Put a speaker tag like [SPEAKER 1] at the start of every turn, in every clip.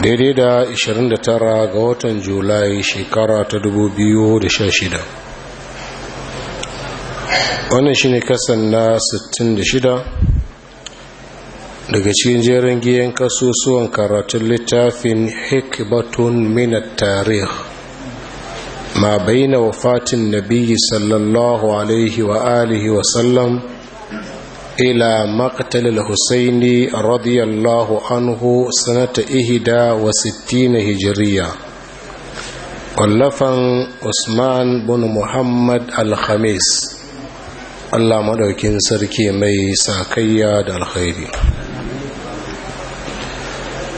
[SPEAKER 1] daidai da 29 ga watan julai shekara ta 2016 wannan shi ne kasan na 66 daga cikin jerin giyan kasusuwan karatun littafin hikbatun minat tarih ma bayyana wafatin nabi sallallahu alaihi wa alihi sallam إلى مقتل الحسين رضي الله عنه سنة إهدا وستين هجرية ولفن عثمان بن محمد الخميس Allah maɗaukin sarki mai sakayya da alkhairi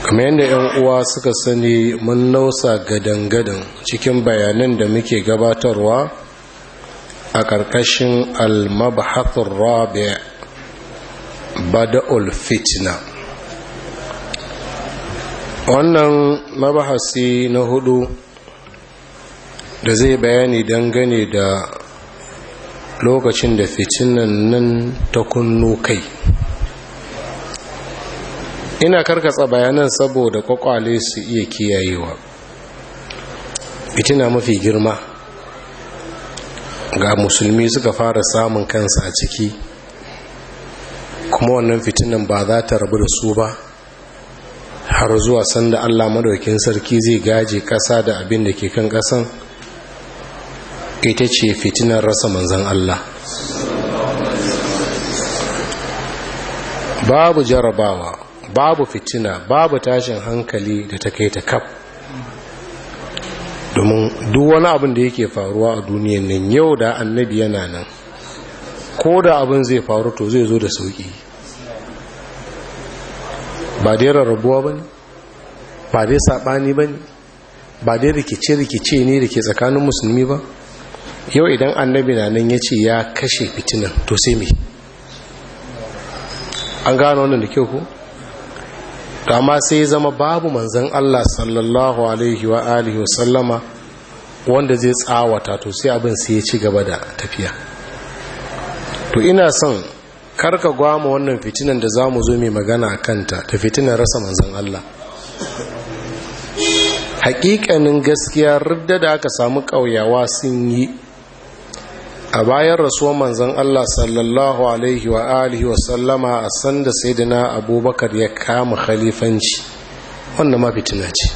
[SPEAKER 1] kamar yadda 'yan uwa suka sani mun nausa gadan-gadan cikin bayanan da muke gabatarwa a ƙarƙashin al-mabhathur rabi' bada'ul fitna wannan mabahasi na hudu da zai bayani dangane da lokacin da fitinan nan ta kunno kai ina karkatsa bayanan saboda kwakwale su iya kiyayewa fitina mafi girma ga musulmi suka fara samun kansa a ciki kuma wannan fitinan ba za ta rabu da su ba har zuwa sanda allah madaukin sarki zai gaje ƙasa da abin da ke kan ƙasan ita ce fitinan rasa manzan allah babu jarabawa babu fitina babu tashin hankali da ta kai ta kaf domin duk wani abin da yake faruwa a duniyan nan yau da annabi yana nan ko da abin zai faru to zai zo da sauki ba dai rarrabuwa ba ne ba dai saɓani ba ne ba dai rikice-rikice ne da ke tsakanin musulmi ba yau idan annabi na nan ya ce ya kashe fitinan to sai mai an gano wannan da kyau ku. Dama sai zama babu manzan Allah sallallahu alaihi wa alihi wa sallama wanda zai tsawata to sai abin sai ya ci gaba da tafiya to ina son karka gwama wannan fitinan da za mu zo mai magana a kanta da fitinan rasa manzan Allah hakikanin gaskiya rudda da aka samu ƙauyawa sun yi a bayan rasuwar manzan Allah sallallahu alaihi wa alihi wa sallama a sanda saidina abubakar ya kama khalifanci wannan ma fitina ce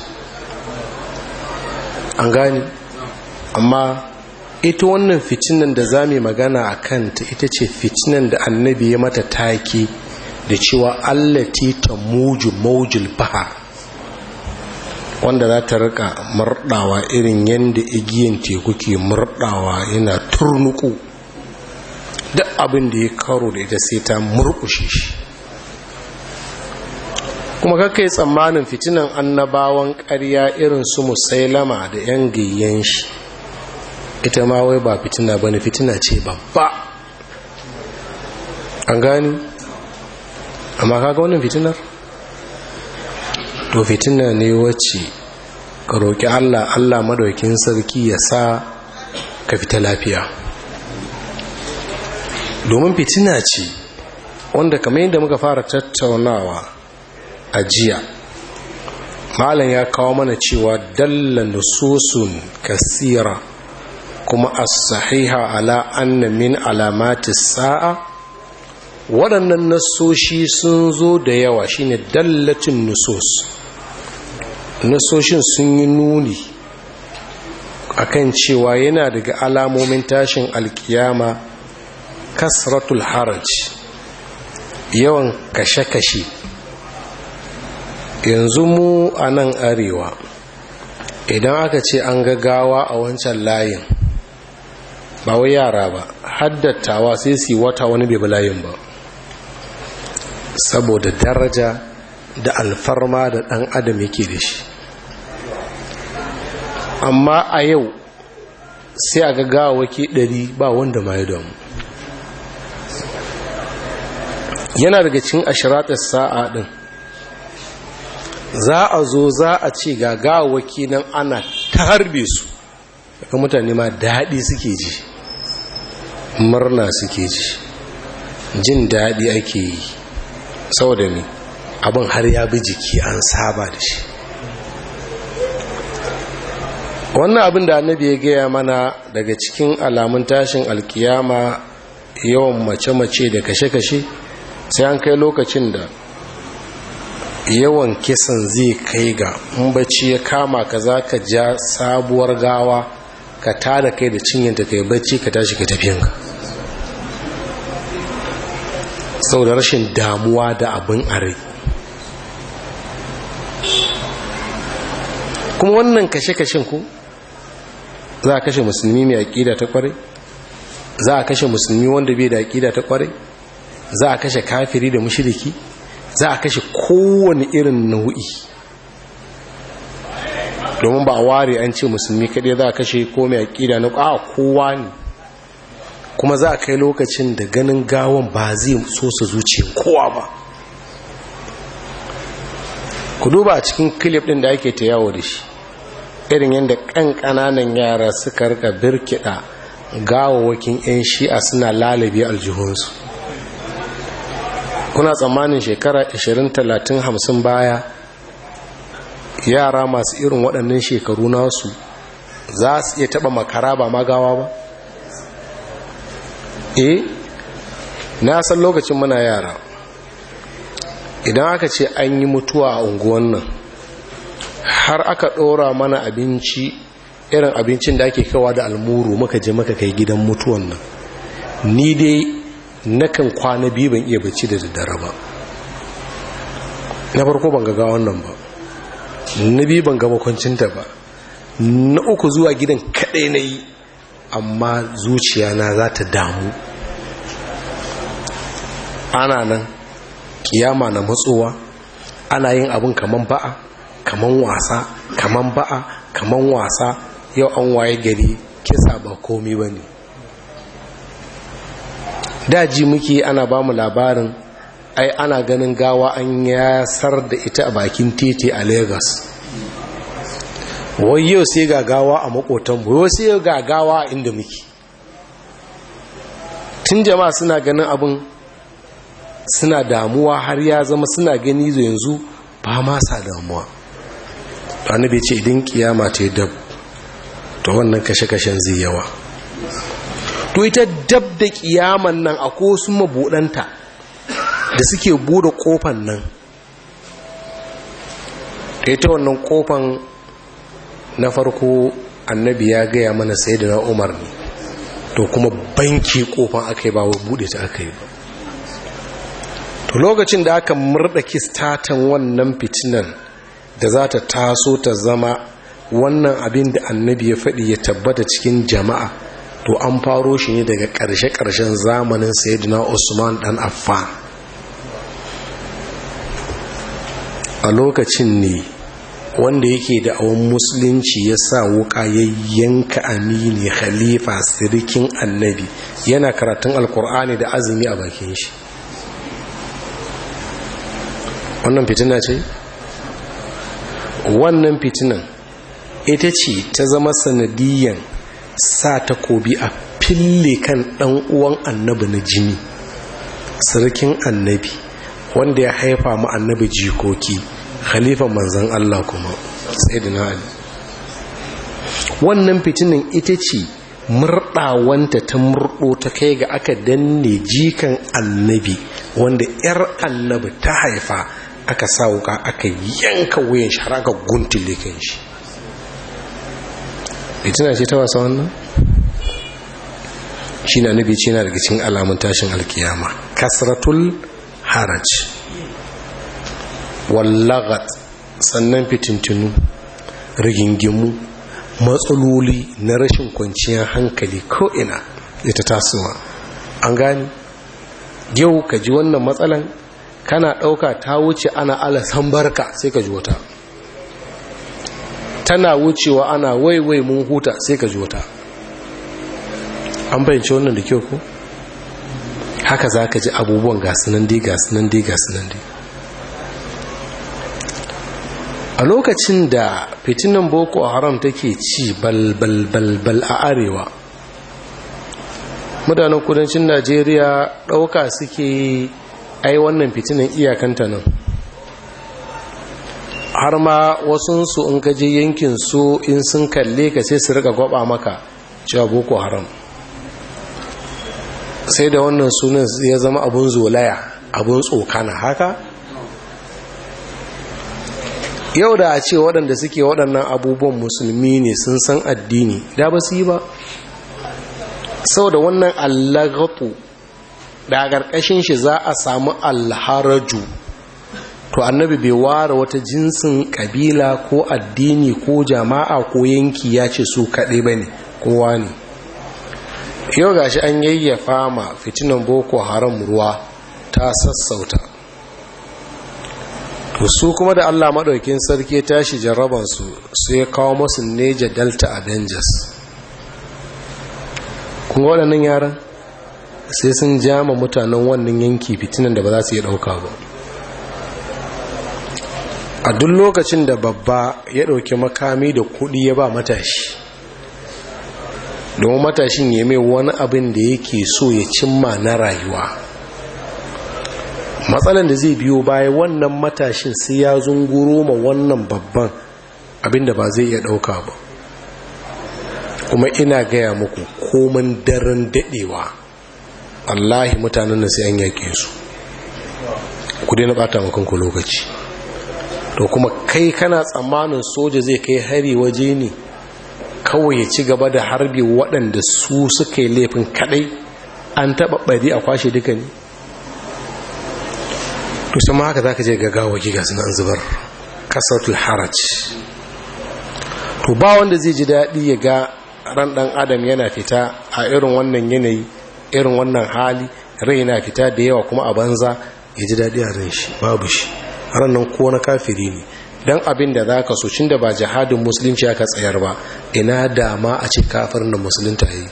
[SPEAKER 1] an gani amma ita wannan fitinan da za mu magana a kanta ita ce fitinan da annabi ya mata take da cewa Allah ta muju maujul bahar wanda za ta rika murdawa irin yadda igiyan teku ke murdawa yana turnuku duk abin da ya karo da ita sai ta murkushe shi kuma kaka yi tsammanin fitinan annabawan karya irin su musailama da 'yan gayyan shi ita ma wai ba fitina ba ne fitina ce babba an gani amma kaga wannan fitinar to fitina ne wacce ka roƙi allah allah madaukin sarki ya sa ka fita lafiya domin fitina ce wanda kamar yadda muka fara tattaunawa a jiya malam ya kawo mana cewa dalla nususun kasira kuma as-sahiha ala anna min alamati sa'a waɗannan nasoshi sun zo da yawa shine dallatin nusus nasoshin sun yi nuni akan cewa yana daga alamomin tashin alkiyama kasratul haraj yawan kashe-kashe yanzu mu a nan arewa idan aka ce an gaggawa a wancan layin ba wai yara ba haddattawa sai su wata wani bai balayin ba saboda daraja da alfarma da ɗan adam yake da shi amma a yau sai a ga gawaki ɗari ba wanda ma ya damu yana daga cikin ashirata sa'a ɗin za a zo za a ce ga nan ana ta harbe su daga mutane ma daɗi suke ji murna suke ji jin daɗi ake yi saboda ne abin har ya bi jiki an saba da shi wannan abin da annabi ya gaya mana daga cikin alamun tashin alkiyama yawan mace-mace da kashe-kashe sai an kai lokacin da yawan kisan zai kai ga in bacci ya kama ka za ka ja sabuwar gawa ka tara kai da cinyanta kai bacci ka tashi ka tafiyanka saboda rashin damuwa da abin a rai kuma wannan kashe-kashen ku za a kashe musulmi mai aƙida ta ƙwarai za a kashe musulmi wanda bai da aƙida ta ƙwarai za a kashe kafiri da mushiriki za a kashe kowane irin nau'i domin ba a ware an ce musulmi kaɗai za a kashe ko mai aƙida na ƙwa kowa ne kuma za a kai lokacin da ganin gawon ba zai so su zuce kowa ba ku duba cikin kilif din da ake ta yawo da shi irin yadda kan ƙananan yara suka rika birkiɗa gawawakin 'yan shi'a suna lalabi aljihunsu kuna tsammanin shekara 20-30-50 baya yara masu irin waɗannan shekaru nasu za su iya taɓa makara ba magawa ba eh na san lokacin muna yara idan aka ce an yi mutuwa a unguwan nan har aka ɗora mana abinci irin abincin da ake kawa da almuru muka je muka kai gidan mutuwan nan ni dai nakan kwana biyu ban iya bacci da daddare ba na farko ban gaga wannan ba na biyu ban ga makwancinta ba na uku zuwa gidan kaɗai na yi amma zuciya na za ta damu ana nan kiyama na matsowa ana yin abin kaman ba'a kaman wasa kaman ba'a kaman wasa yau an waye gari kisa ba komi ba ne daji muke ana ba mu labarin ai ana ganin gawa an yasar da ita a bakin titi a lagos wai yau sai gagawa a makotanmu yau sai gagawa inda muke tun jama'a suna ganin abin suna damuwa har ya zama suna gani yanzu ba ma sa damuwa bai ce idan kiyama ta yi dab to wannan kashe-kashen zai yawa to ita dab da kiyaman nan ko sun mabuɗanta da suke buɗe ƙofan nan ita wannan ƙofan. na farko annabi ya gaya mana sai da umar ne to kuma banki ƙofan aka yi ba wa buɗe ta aka yi ba to lokacin da aka murda kistatan wannan fitinan da za ta taso ta zama wannan abin da annabi ya faɗi ya tabbata cikin jama'a to an faro shi ne daga ƙarshe-ƙarshen zamanin saidina usman dan Affa. a lokacin ne wanda yake da awon musulunci ya sa wuka ya yanka amini khalifa sirikin annabi yana karatun alkur'ani da azumi a bakin shi wannan fitina ce wannan fitinan ita ce ta zama sanadiyyan sa ta kobi a fille kan dan uwan annabi na jini sirikin annabi wanda ya haifa mu annabi jikoki khalifan manzan Allah kuma sayyidina ali wannan fitinin ita ce murɗawanta ta murɗo ta kai ga aka danne jikan annabi wanda 'yar annabi ta haifa aka sa wuka aka yanka wuyan shi har aka guntule kan shi fitina ce ta wasa wannan shi na nabi ce na daga cikin alamun tashin alkiyama kasratul haraj wallagat sannan fitintinu rigingimu matsaloli na rashin kwanciyar hankali ko'ina ita tasowa an gani yau ka ji wannan matsalan kana ɗauka ta wuce ana alasan barka sai ka ji wata tana wucewa ana waiwai mun huta sai ka ji wata an bayanci wannan da kyau ko haka za ka ji abubuwan gasunan dai gasunan dai gasunan dai a lokacin da fitinan boko haram take ci balbalbalbal a arewa mutanen kudancin najeriya ɗauka suke ai wannan fitinan iyakanta nan har ma wasunsu in kaje yankin su in sun kalle ka sai su rika gwaba maka cewa boko haram sai da wannan sunan ya zama abun zolaya abun tsokana haka yau da a ce waɗanda suke waɗannan abubuwan musulmi ne sun san addini da ba su yi ba sau da wannan allagatu da a ƙarƙashin shi za a samu alharaju to annabi bai ware wata jinsin ƙabila ko addini ko jama'a ko yanki ya ce su kaɗai ba ne kowa ne yau gashi an yayyafa ma fitinan boko haram ruwa ta sassauta to su kuma da Allah maɗaukin sarki tashi jarrabansu su ya kawo masu neja delta avengers kuma waɗannan yaran sai sun jama mutanen wannan yanki fitinan da ba za su yi ɗauka ba a duk lokacin da babba ya ɗauki makami da kuɗi ya ba matashi domin matashin ya mai wani abin da yake so ya cimma na rayuwa matsalan da zai biyo baya wannan matashin sai ya zunguro ma wannan babban abinda ba zai iya ɗauka ba kuma ina gaya muku komin daren daɗewa allahi mutanen da sai an yake su ku daina makon ku lokaci to kuma kai kana tsammanin soja zai kai hari waje ne kawai ya ci gaba da harbi waɗanda su suka yi laifin kaɗai an taɓa ɓari a kwashe duka ne kusan haka za ka je gagawa giga suna an zubar kasatul haraj to ba wanda zai ji daɗi ya ga ran ɗan adam yana fita a irin wannan yanayi irin wannan hali rai na fita da yawa kuma a banza ya ji daɗi a ran shi babu shi ran nan ko na kafiri ne don abin da za ka so cin da ba jihadin musulunci aka tsayar ba ina dama a ce kafirin da musulunta yi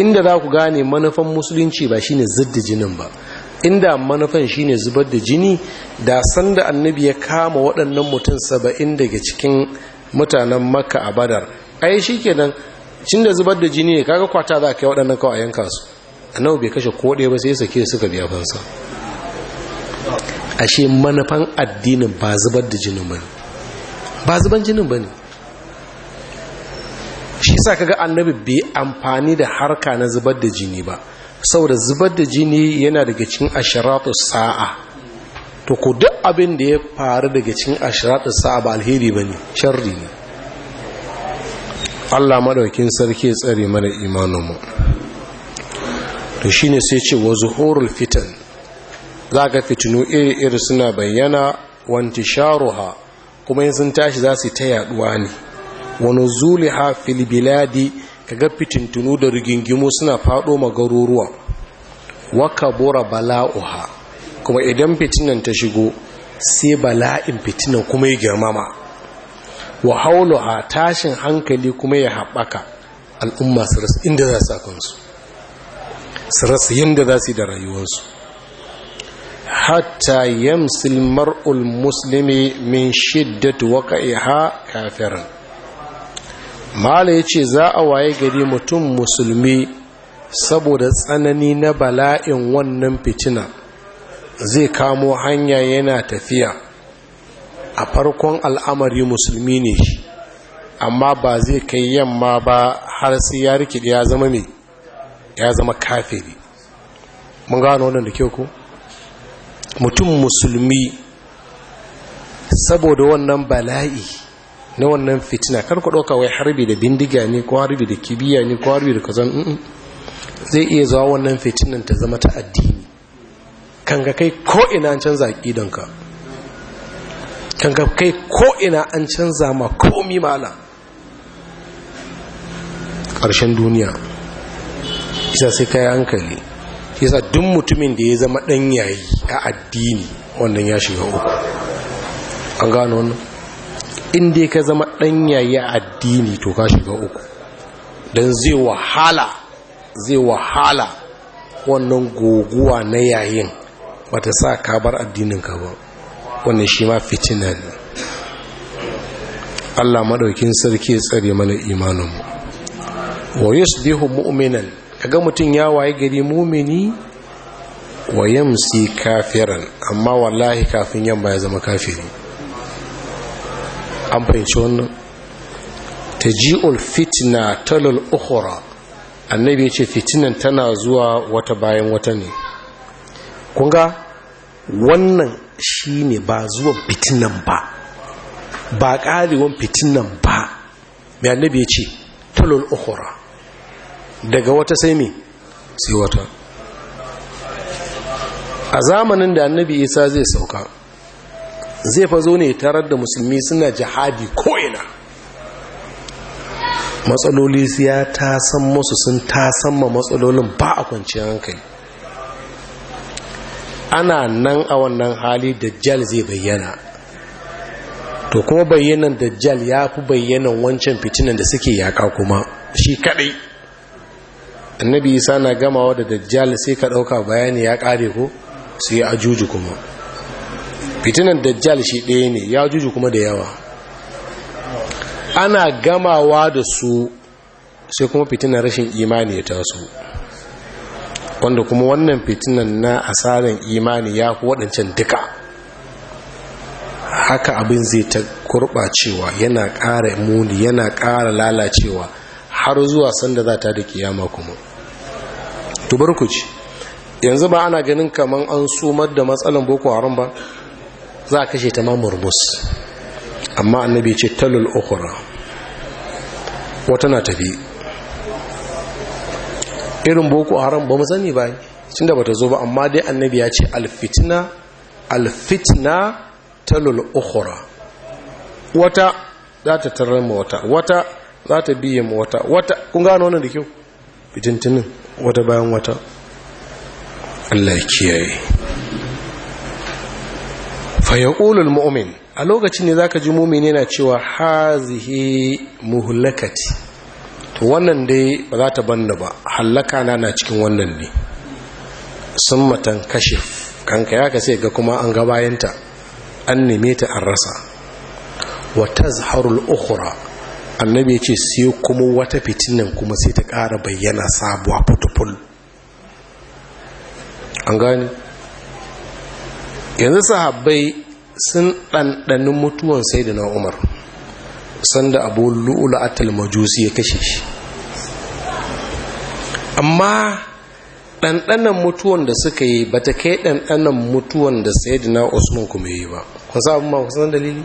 [SPEAKER 1] inda za ku gane manufan musulunci ba shine zidda jinin ba inda manufan shine zubar da jini da sanda annabi ya kama waɗannan mutum saba'in daga cikin mutanen makka a badar ai shi kenan cin da zubar da jini ne kaga kwata za ka yi waɗannan kawai yanka su annabi bai kashe ko ba sai sake suka biya fansa ashe manufan addinin ba zubar da jinin ne? ba zuban jinin ne. shi sa kaga annabi bai amfani da harka na zubar da jini ba saboda zubar da jini yana daga cikin ashiratu sa'a to ku duk abin da ya faru daga cikin ashiratu sa'a ba alheri ba ne sharri ne allah madaukin sarki tsare mana imaninmu to shi ne sai ce wa zuhorul fitan za ka fitinu iri-iri suna bayyana wanti sharuha kuma yin sun tashi za su ta yaduwa ne wani zuli ha filibiladi kaga fitintunu da rigingimu suna faɗo magaruruwa waka bora bala'uha kuma idan fitinan ta shigo sai bala'in fitinan kuma ya girmama wa a tashin hankali kuma ya haɓaka al'umma su rasu inda za su kansu su rasu yadda za su yi da rayuwarsu hatta yamsil mar'ul muslimi min shiddatu waka'iha kafirin mala ya ce za a waye gari mutum musulmi saboda tsanani na bala'in wannan fitina zai kamo hanya yana tafiya a farkon al'amari musulmi ne shi amma ba zai kai yamma ba har sai ya rikide ya zama mai ya zama kafiri mun gano wannan da ku mutum musulmi saboda wannan bala'i na wannan fitina kar ku ɗauka wai harbi da bindiga ne ko harbi da kibiya ne ko harbi da kazan zai iya zuwa wannan fitinan ta zama ta addini kan ga kai ko ina an canza aqidanka kan ga kai ko ina an canza ma komi mala ƙarshen duniya isa sai kai hankali isa duk mutumin da ya zama ɗan yayi a addini wannan ya shiga uku an gano wannan inda ka zama ɗan a addini to ka shiga uku don zai wahala zai wahala wannan goguwa na yayin ta sa ka bar addinin ka ba wannan shi ma fitina ne Allah maɗaukin sarki ya tsare mana imaninmu wa yusbihu mu'minan kaga mutum ya waye gari mumini wa yamsi kafiran amma wallahi kafin yamma ya zama kafiri an fahimci wannan ta ji'ul fitna talal ukhra annabi ya ce fitinan tana zuwa wata bayan wata ne kunga wannan shi ne ba zuwan fitinan ba ba ƙarewan fitinan ba mai annabi ya ce talal ukhra daga wata sai me sai wata a zamanin da annabi isa zai sauka zai fa zo ne tarar da musulmi suna jihadi ko ina matsaloli ya tasan musu sun tasan ma matsalolin ba a kwanciyar hankali ana nan a wannan hali dajjal zai bayyana to kuma bayyanan dajjal ya fi bayyanan wancan fitinan da suke yaƙa kuma shi kaɗai annabi isa na gamawa da dajjal sai ka ɗauka bayani ya ƙare ko sai ajuji kuma fitinan dajjal shi ɗaya ne ya juju kuma da yawa ana gamawa da su sai kuma fitinan rashin imani ya taso wanda kuma wannan fitinan na asarin imani ya fi waɗancan duka haka abin zai ta kurɓacewa yana ƙara muni yana ƙara lalacewa har zuwa sanda za ta da kiyama kuma tubarkuci yanzu ba ana ganin kamar an sumar da matsalan boko haram ba za a kashe ta ma murmus amma annabi ce talul okura wata na tafi irin boko haram ba mu sani ba ba bata zo ba amma dai annabi ya ce alfitna alfitna talul ukhra wata za ta tarar ma wata wata za ta biye ma wata wata kun gano wannan da kyau fitintinin wata bayan wata Allah ya kiyaye fayaƙulul mu'min a lokacin ne zaka ji mumini yana cewa hazihi muhulakati to wannan dai ba za ta banna ba hallaka na na cikin wannan ne sun matan kashe kanka ya ka sai ga kuma an gabayanta an neme ta an rasa wata zaharul ukura annabi ya ce sai kuma wata fitinin kuma sai ta ƙara bayyana sabuwa fotofol an gani yanzu sahabbai sun ɗanɗanin mutuwan sai da na umar sanda abu lu'ula atal majusi ya kashe shi amma ɗanɗanan mutuwan da suka yi ba ta kai ɗanɗanan mutuwan da sayidina usman kuma yi ba kun sa abin ma kusan dalili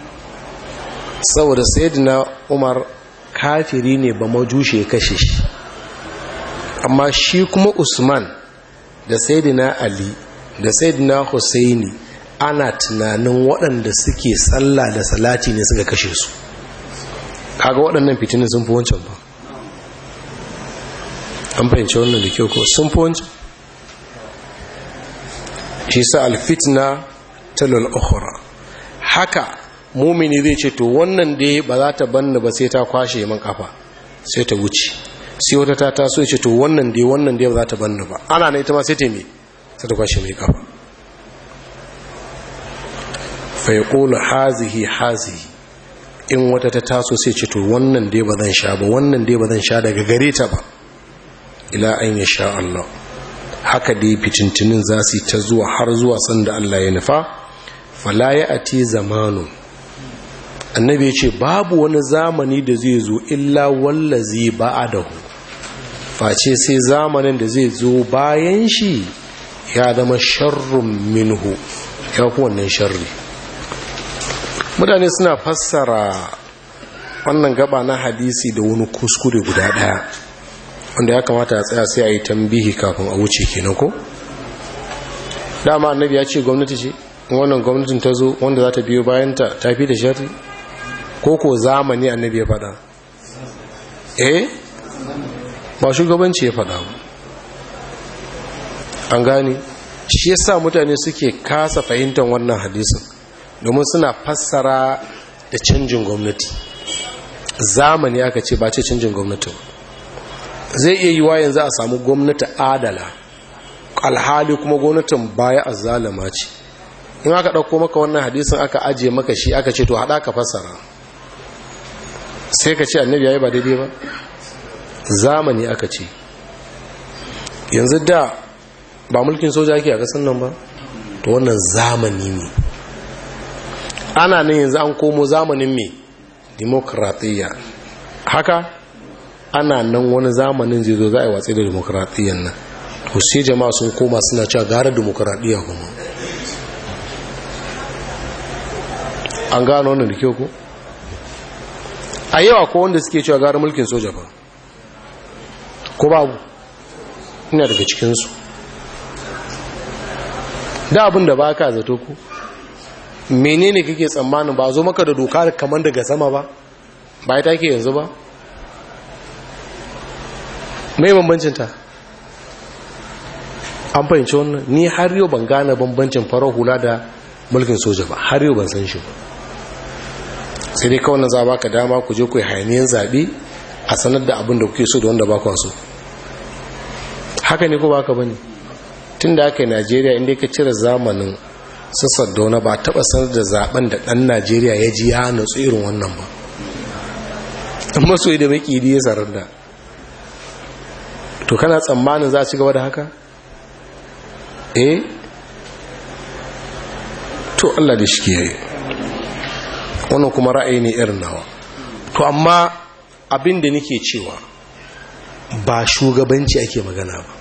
[SPEAKER 1] saboda sayidina umar kafiri ne ba majushe ya kashe shi amma shi kuma usman da sayidina ali da sayidina husaini ana tunanin waɗanda suke tsalla da salati ne suka kashe su kaga waɗannan fitinin sun fi wancan ba an fahimci wannan da kyau ko sun fi wancan shi sa alfitna talon ukhura. haka mumini zai ce to wannan da ba za ta banna ba sai ta kwashe man kafa sai ta wuce sai wata ta taso ya ce to wannan da wannan da ba za ta banna ba ana na ita ma sai ta mai sai ta kwashe mai kafa fa ya hazihi hazihi in wata ta taso sai ce to wannan dai ba zan sha ba wannan dai ba zan sha daga gare ta ba ila an ya sha Allah haka dai fitintinin za su yi ta zuwa har zuwa sanda Allah ya nufa fala ya ati zamanu annabi ya ce babu wani zamani da zai zo illa wallazi ba hu face sai zamanin da zai zo bayan shi ya zama sharrun minhu ya kuwa wannan sharri mutane suna fassara wannan gaba na hadisi da wani kuskure guda daya wanda ya kamata a tsaya sai a yi tambihi kafin a wuce kenan ko dama annabi ya ce gwamnati ce wannan gwamnatin ta zo wanda za ta biyo bayanta ta fi da shari ko ko zamani annabi ya fada eh ba shugabanci ya fada an gane shi yasa mutane suke kasa fahimtar wannan hadisin domin suna fassara da canjin gwamnati zamani aka ce ba ce canjin gwamnati zai iya yi yiwa yanzu a samu gwamnati adala alhali kuma gwamnatin baya a zalama ce in aka ɗauko maka wannan hadisin aka ajiye maka shi aka ce to haɗa ka fassara sai ka ce annabi ya yi ba daidai ba zamani aka ce yanzu da ba mulkin soja ake a kasan nan ba to wannan zamani ne ana nan yanzu an komo zamanin mai demokratiya haka ana nan wani zamanin zai zo za a yi watsi da demokratiyan nan to sai jama'a sun koma suna cewa gara demokratiya kuma an gano wannan da ku a yawa ko wanda suke cewa gara mulkin soja ba ko babu ina daga cikinsu da abin da ba ka zato ku menene kake tsammanin ba zo maka da doka kamar daga sama ba ba ya take yanzu ba mai bambancinta an fahimci wannan ni har yau ban gane bambancin farar hula da mulkin soja ba har yau ban san shi sai dai kawai za ba ka dama ku je ku yi zaɓe a sanar da abin da kuke so da wanda ba kwa so haka ne ko ba ka bane tun da aka yi najeriya inda ka cire zamanin su dauna ba taba sanar da zaben da ɗan najeriya ya ji ya nutsu irin wannan ba yi da makidi ya sarar da to kana tsammanin za a gaba da haka eh to allah da shi ke yi. wannan kuma ra'ayi ne irin nawa to amma abin da nake cewa ba shugabanci ake magana ba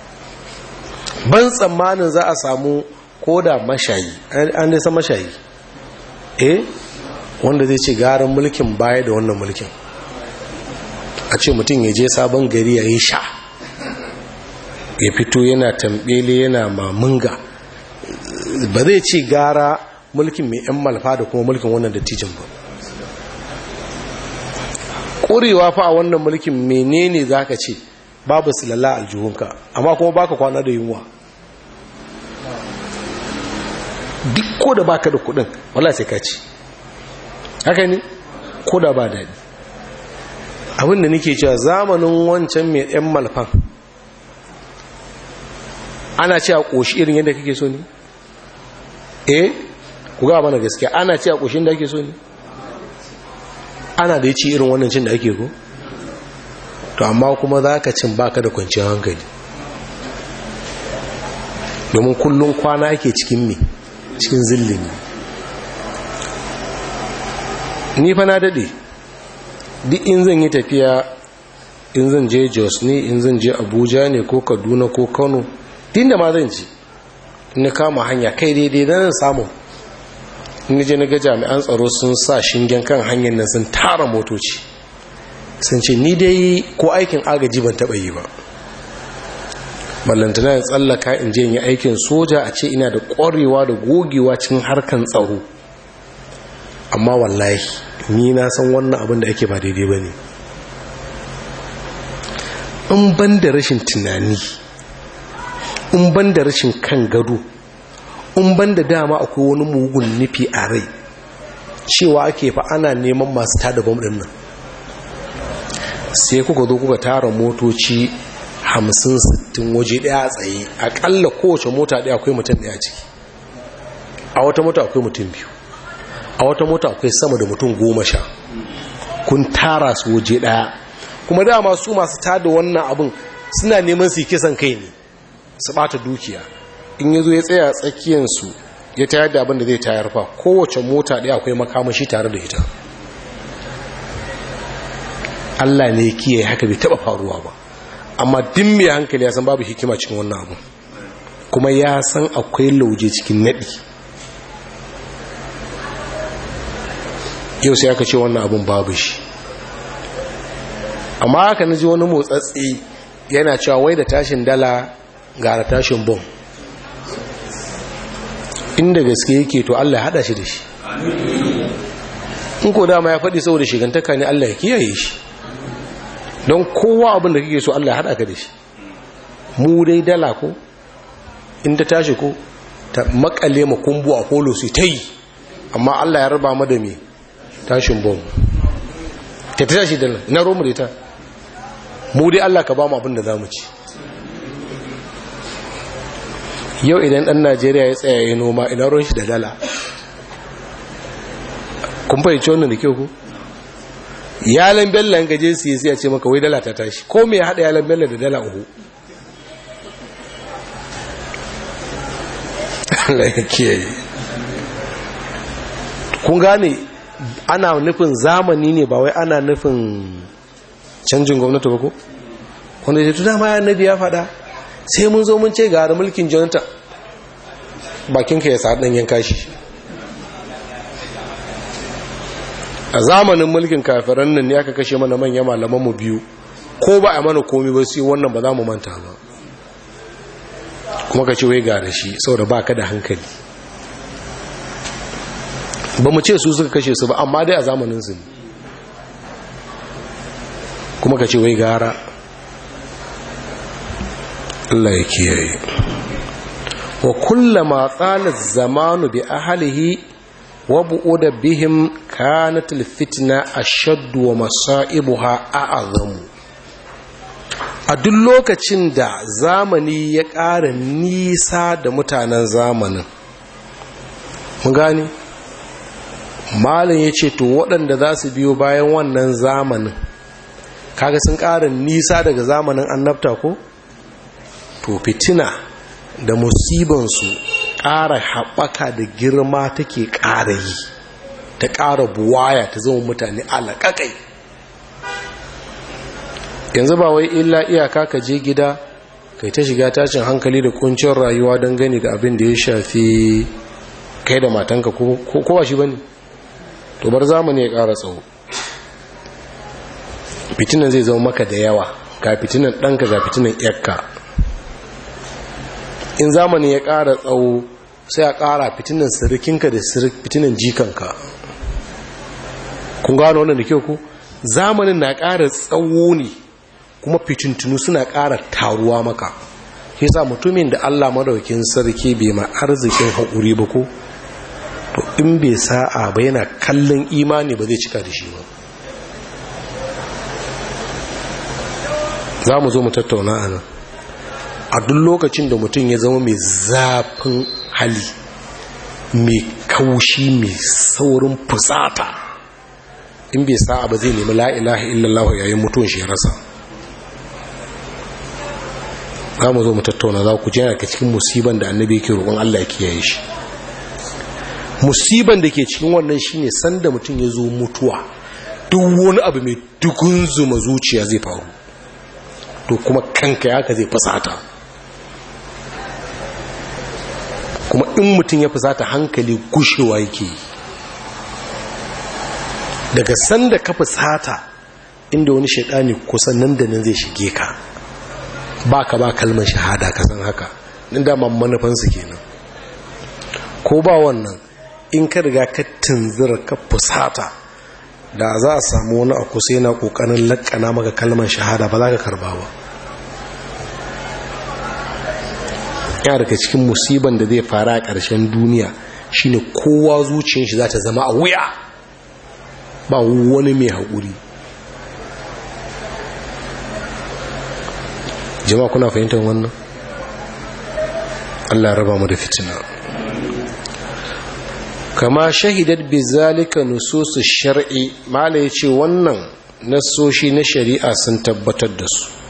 [SPEAKER 1] ban tsammanin za a samu ko da mashayi an dai san mashayi eh wanda zai ce garin mulkin baya da wannan mulkin a ce mutum ya je sabon gari ya yi sha ya fito yana tambele yana mamunga ba zai ce gara mulkin mai yan malfa da kuma mulkin wannan dattijin ba ƙurewa fa a wannan mulkin menene za ka ce babu silalla aljihunka amma kuma baka kwana da yunwa duk ko da baka da kudin wallahi sai ka ci haka ne ko da ba daɗi abin da nake cewa zamanin wancan mai ɗan malfan ana cewa a ƙoshi irin yadda kake so ne eh ku ga mana gaskiya ana cewa a ƙoshin da ake so ne ana da yaci irin wannan cin da ake ko to amma kuma za ka cin baka da kwanciyar hankali domin kullum kwana ake cikin mai cikin zillimi ni fa na dade duk in zan yi tafiya in zan je Jos ne in zan je Abuja ne ko Kaduna ko Kano din da ma zan ji na kama hanya kai daidai na samu in je na ga jami'an tsaro sun sa shingen kan hanyar nan sun tara motoci sun ce ni dai ko aikin agaji ban taɓa yi ba ballantana ya tsallaka in je yi aikin soja a ce ina da ƙwarewa da gogewa cikin harkan tsaro amma wallahi ni na san wannan abin da ake ba daidai ba ne in ban da rashin tunani in ban da rashin kan gado in ban da dama akwai wani mugun nufi a rai cewa ake fa ana neman masu tada bam ɗin sai kuka zo kuka tara motoci hamsin sittin waje daya a tsaye akalla kowace mota daya akwai mutum daya ciki a wata mota akwai mutum biyu a wata mota akwai sama da mutum goma sha kun tara su waje daya kuma dama su masu tada wannan abin suna neman su kisan kai ne su bata dukiya in ya zo ya tsaya tsakiyansu ya tayar da abin da zai tayar fa kowace mota daya akwai makamashi tare da ita Allah ne ya kiyaye haka bai taɓa faruwa ba amma din mai hankali ya san babu hikima cikin wannan abu kuma ya san akwai lauje cikin naɗi yau sai aka ce wannan abun babu shi amma haka na ji wani motsatsi yana cewa wai da tashin dala gara tashin bom inda gaske yake to Allah ya hada shi da shi in ko dama ya faɗi saboda shigantaka ne Allah ya kiyaye shi don kowa abin da kake so Allah ya haɗa ka da shi mu dai dala ko in ta tashi ko ta makale ma kumbu a holo sai ta yi amma Allah ya raba mu da me tashin bom ta tashi dala, na romu da ita mu dai Allah ka ba mu abin da za mu ci yau idan ɗan najeriya ya tsaya ya noma ina ruwan shi da dala kun fahimci wannan da kyau ku yalan bello in gaje siye sai a ce maka wai dala ta tashi ko me ya hada yalan bella da dala uku kun gane ana nufin zamani ne ba wai ana nufin canjin gwamnati ba ko wanda ya tuna ma annabi ya faɗa sai mun zo mun ce ga mulkin jonathan bakinka ya sa ɗanyen kashi shi a zamanin mulkin kafiran nan ne aka kashe mana manya malaman mu biyu ko ba a mana komi ba sai wannan ba za mu manta ba kuma ka ce wai da shi saboda ba ka da hankali ba mu ce su suka kashe su ba amma dai a zamanin su ne kuma ka ce wai gara Allah ya kiyaye wa kullama tsalar zamanu bi ahalihi wa bu'uda bihim kanat alfitna ashadd wa masaibuha a'azam a duk lokacin da zamani ya ƙara nisa da mutanen zamanin mun gani malin ya ce to waɗanda za su biyo bayan wannan zamanin kaga sun ƙara nisa daga zamanin annabta ko to fitina da musibansu ƙara haɓaka da girma take ƙara yi ta ƙara buwaya ta zama mutane alaƙaƙai yanzu ba wai illa iyaka ka je gida kai ta shiga tashin hankali da kuncin rayuwa don gani da abin da ya shafi kai da matanka ko ba shi ba ne to bar zamani ya ƙara tsawo fitinan zai zama maka da yawa ga fitinan ɗanka ga fitinan yakka in zamani ya ƙara tsawo sai a ƙara fitinan sirikinka da fitinan jikanka kun gano wannan da kyau ku zamanin na ƙara tsawo ne kuma fitintunu suna ƙara taruwa maka sa mutumin da Allah madaukin sarki bai ma arzikin haƙuri ba ko to in bai sa'a ba yana kallon imani ba zai cika da shi ba za mu zo mu tattauna a nan a duk lokacin da mutum ya zama mai zafin hali mai kaushi mai saurin fusata in bai sa ba zai nemi la'ilaha illallah yayin mutuwan shi ya rasa za mu zo mu tattauna za ku jira ka cikin musiban da annabi yake roƙon Allah ya kiyaye shi musiban da ke cikin wannan shine sanda mutum ya zo mutuwa duk wani abu mai dugun zuma zuciya zai faru to kuma kanka ya ka zai fasata kuma in mutum ya fusata hankali gushewa yake yi daga sanda ka fusata inda wani shaidani kusan nan da nan zai shige ka ba ka ba kalmar shahada ka san haka nan da manufansu kenan ko ba wannan in ka riga ka tunzura ka fusata da za a samu wani a kusa yana kokarin lakana maka kalmar shahada ba za ka karba ba yana daga cikin musiban da zai fara a ƙarshen duniya shine kowa zuciyar shi za ta zama a wuya ba wani mai haƙuri jama'a kuna fahimtar wannan Allah raba mu da fitina kama shahidar Bizalika zalika nususu shar'i ya ce, wannan nasoshi na shari'a sun tabbatar da su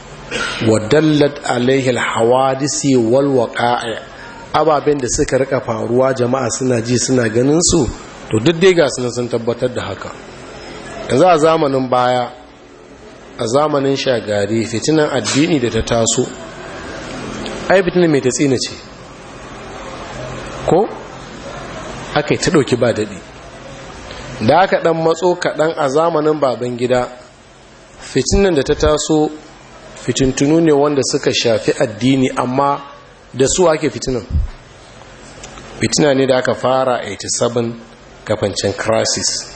[SPEAKER 1] wa dallat alaihi alhawadisi walwaka waqa'i ababen da suka rika faruwa jama'a suna ji suna ganin su to duk ga suna sun tabbatar da haka yanzu a zamanin baya a zamanin shagari fitinan addini da ta taso ai fitinan mai ta tsina ce ko aka yi ta ɗauki ba daɗi da aka ɗan matso kaɗan a zamanin baban gida fitinan da ta taso fitintunu ne wanda suka shafi addini amma da su ake fitinan fitina ne da aka fara 87 kafancin crisis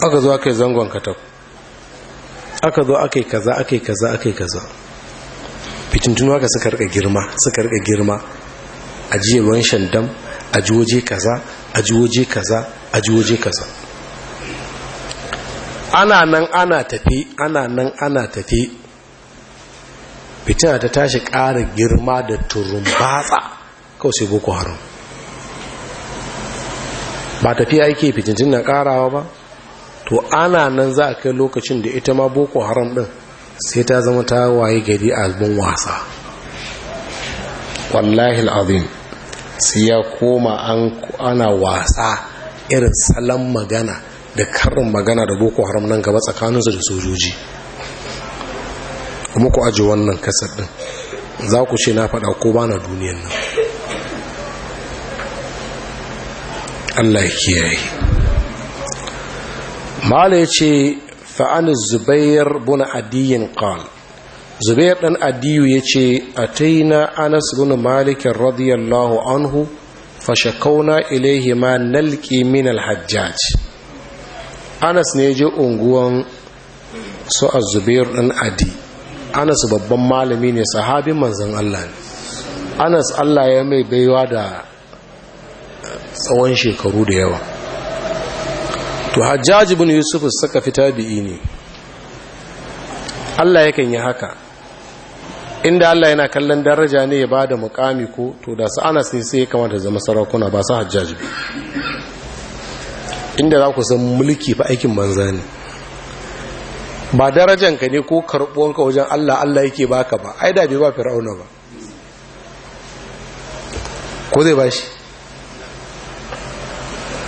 [SPEAKER 1] aka zo aka yi zangon katab aka zo aka yi kaza aka yi kaza aka yi kaza fitintunu aka suka rika girma suka rika girma a jiye ruwan shandam a jiwoje waje kaza a jiwoje waje kaza a jiwoje waje kaza ana nan ana tafi ana nan ana tafi fitina ta tashi ƙara girma da turumbatsa kawai sai boko haram ba tafiya yake fitintun na ƙarawa ba to ana nan za a kai lokacin da ita ma boko haram ɗin sai ta zama ta waye gari a albin wasa wallahi al'adun sai ya koma ana wasa irin salon magana da karin magana da boko haram nan gaba tsakaninsu da sojoji kuma ku aji wannan kasar din za ku ce na faɗa ko ba na duniyan nan Allah ya kiyaye mala ya ce fa'an zubair buna adiyin qal zubair ɗan adiyu ya ce a taina anas bin malikin radiyallahu anhu fashakauna ilaihi ma nalki min alhajjaj anas ne ya je unguwan su a azubair ɗan adi anas babban malami ne sahabin manzan Allah ne anas Allah ya mai baiwa da eh, tsawon shekaru da yawa to hajjaji bin yusuf suka fita bi'i ne Allah yakan yi haka inda Allah yana kallon daraja ne ya ba da mukami ko to da su anas ne sai ya kamata zama sarakuna ba su hajjaji inda za ku san mulki fa aikin manzani ne ba darajan ka ne ko ka wajen Allah Allah yake baka ba ai da bai ba fir'auna ba ko zai ba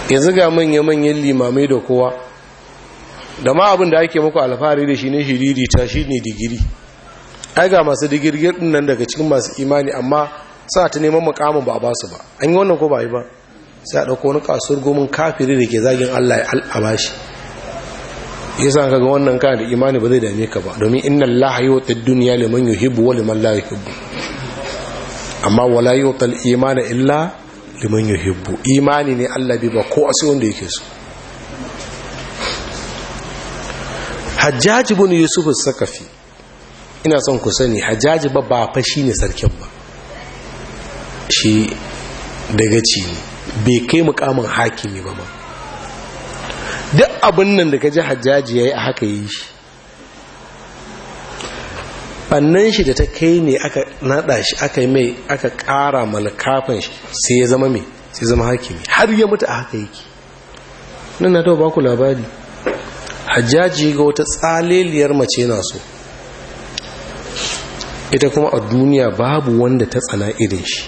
[SPEAKER 1] yanzu ga manya-manyan limamai da kowa da ma abin da ake muku alfahari da shi ne ta shi ne digiri ai ga masu digiri din nan daga cikin masu imani amma sa ta neman mukamin ba a basu ba an yi wannan ko ba yi ba sai a ɗauko wani kasuwar gomin kafiri da ke zagin allah a bashi yasa kaga wannan ka da imani ba zai dame ka ba domin inna allaha yuti ad-dunya liman yuhibbu wa liman la yuhibbu amma wala yuti al-iman illa liman yuhibbu imani ne Allah bai ba ko sai wanda yake so Hajjaj ibn Yusuf as-Sakafi ina son ku sani Hajjaj ba ba fa shine sarkin ba shi daga ci ne bai kai mukamin hakimi ba ba duk abin nan da ka ji hajjaji ya yi a haka yi shi bannan shi da ta kai ne aka nada shi aka yi mai aka kara malakafin shi sai ya zama mai sai zama hakimi har ya mutu a haka yake nan na ba baku labari hajjaji ga wata tsaleliyar mace na so ita kuma a duniya babu wanda ta tsana irin shi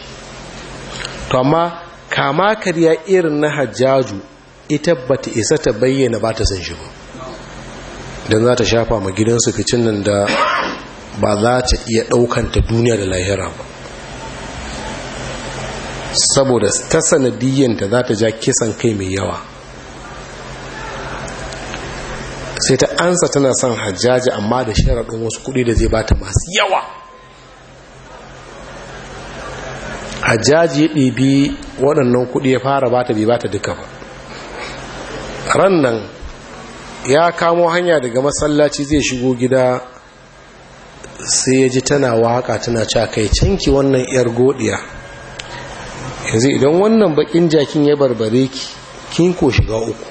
[SPEAKER 1] to kama karya irin na hajjaju ita ba ta isa ta bayyana ba ta san shi ba don za ta shafa ma gidansu kicin nan da ba za ta iya ɗaukanta duniya da lahira ba saboda ta sanadiyyanta za ta ja kisan kai mai yawa sai ta ansa tana son hajjaji amma da sharaɗin wasu kuɗi da zai ba ta masu yawa hajjaji ya ɗibi waɗannan kuɗi ya fara bata bai bata duka ba ran nan ya kamo hanya daga masallaci zai shigo gida sai ya ji tana waka tana cewa kai canki wannan yar godiya yanzu idan wannan bakin jakin ya barbare ki kin ko shiga uku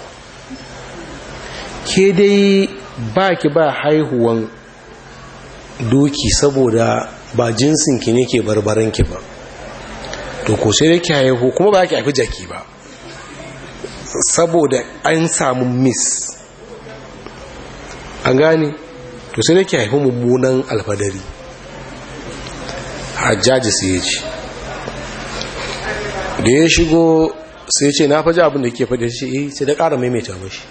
[SPEAKER 1] ke dai ba ki ba haihuwan doki saboda ba jinsinki ne ke barbaranki ba to ko sai dai ki haihu kuma ba ki haifi jaki ba saboda an samu mis an gane to sai da ke haifi mummunan alfadari hajjaji sai ya ce da ya shigo sai ce na faji abinda ke faɗi shi sai da eh, ƙara maimaita mashi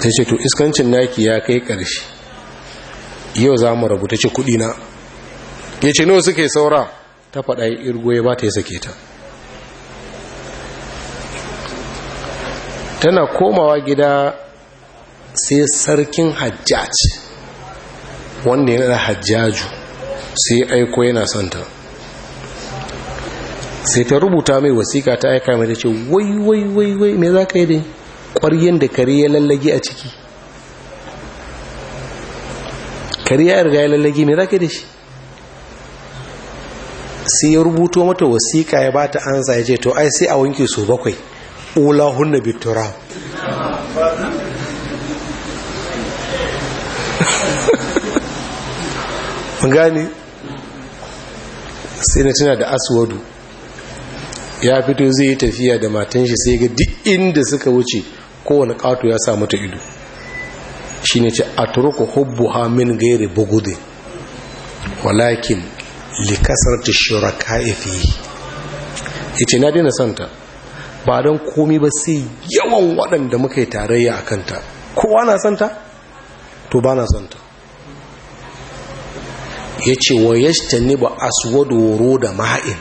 [SPEAKER 1] ta ce to iskancin naki ya kai ƙarshe yau za mu rabu ta ce kuɗi na ya ce nawa yi saura ta faɗa irgo ya ba ta ya sake ta tana komawa gida sai sarkin hajjaj wanda yana da hajjaju sai aiko yana santa sai ta rubuta mai wasiƙa ta aika mai da ce wai wai wai wai me za ka yi dai ƙwaryen da kare ya lallage a ciki kare ya riga ya lallage me za ka yi da shi sai ya rubuto mata wasiƙa ya ba ta ansa ya je to ai sai a wanke su bakwai ulahunna bitura gani sai na tana da aswadu ya fito zai yi tafiya da matan shi sai ga duk inda suka wuce kowane ƙato ya samu ta ido shi ne ce a turku hubbu hamin gairi bugudin walakin likasar ta shuraka kaifi. Ita na dina santa ba don komi ba sai yawan waɗanda muka yi tarayya a kanta kowa na santa to ba na santa ya ce wa yashtani ba aswad woro da ma'in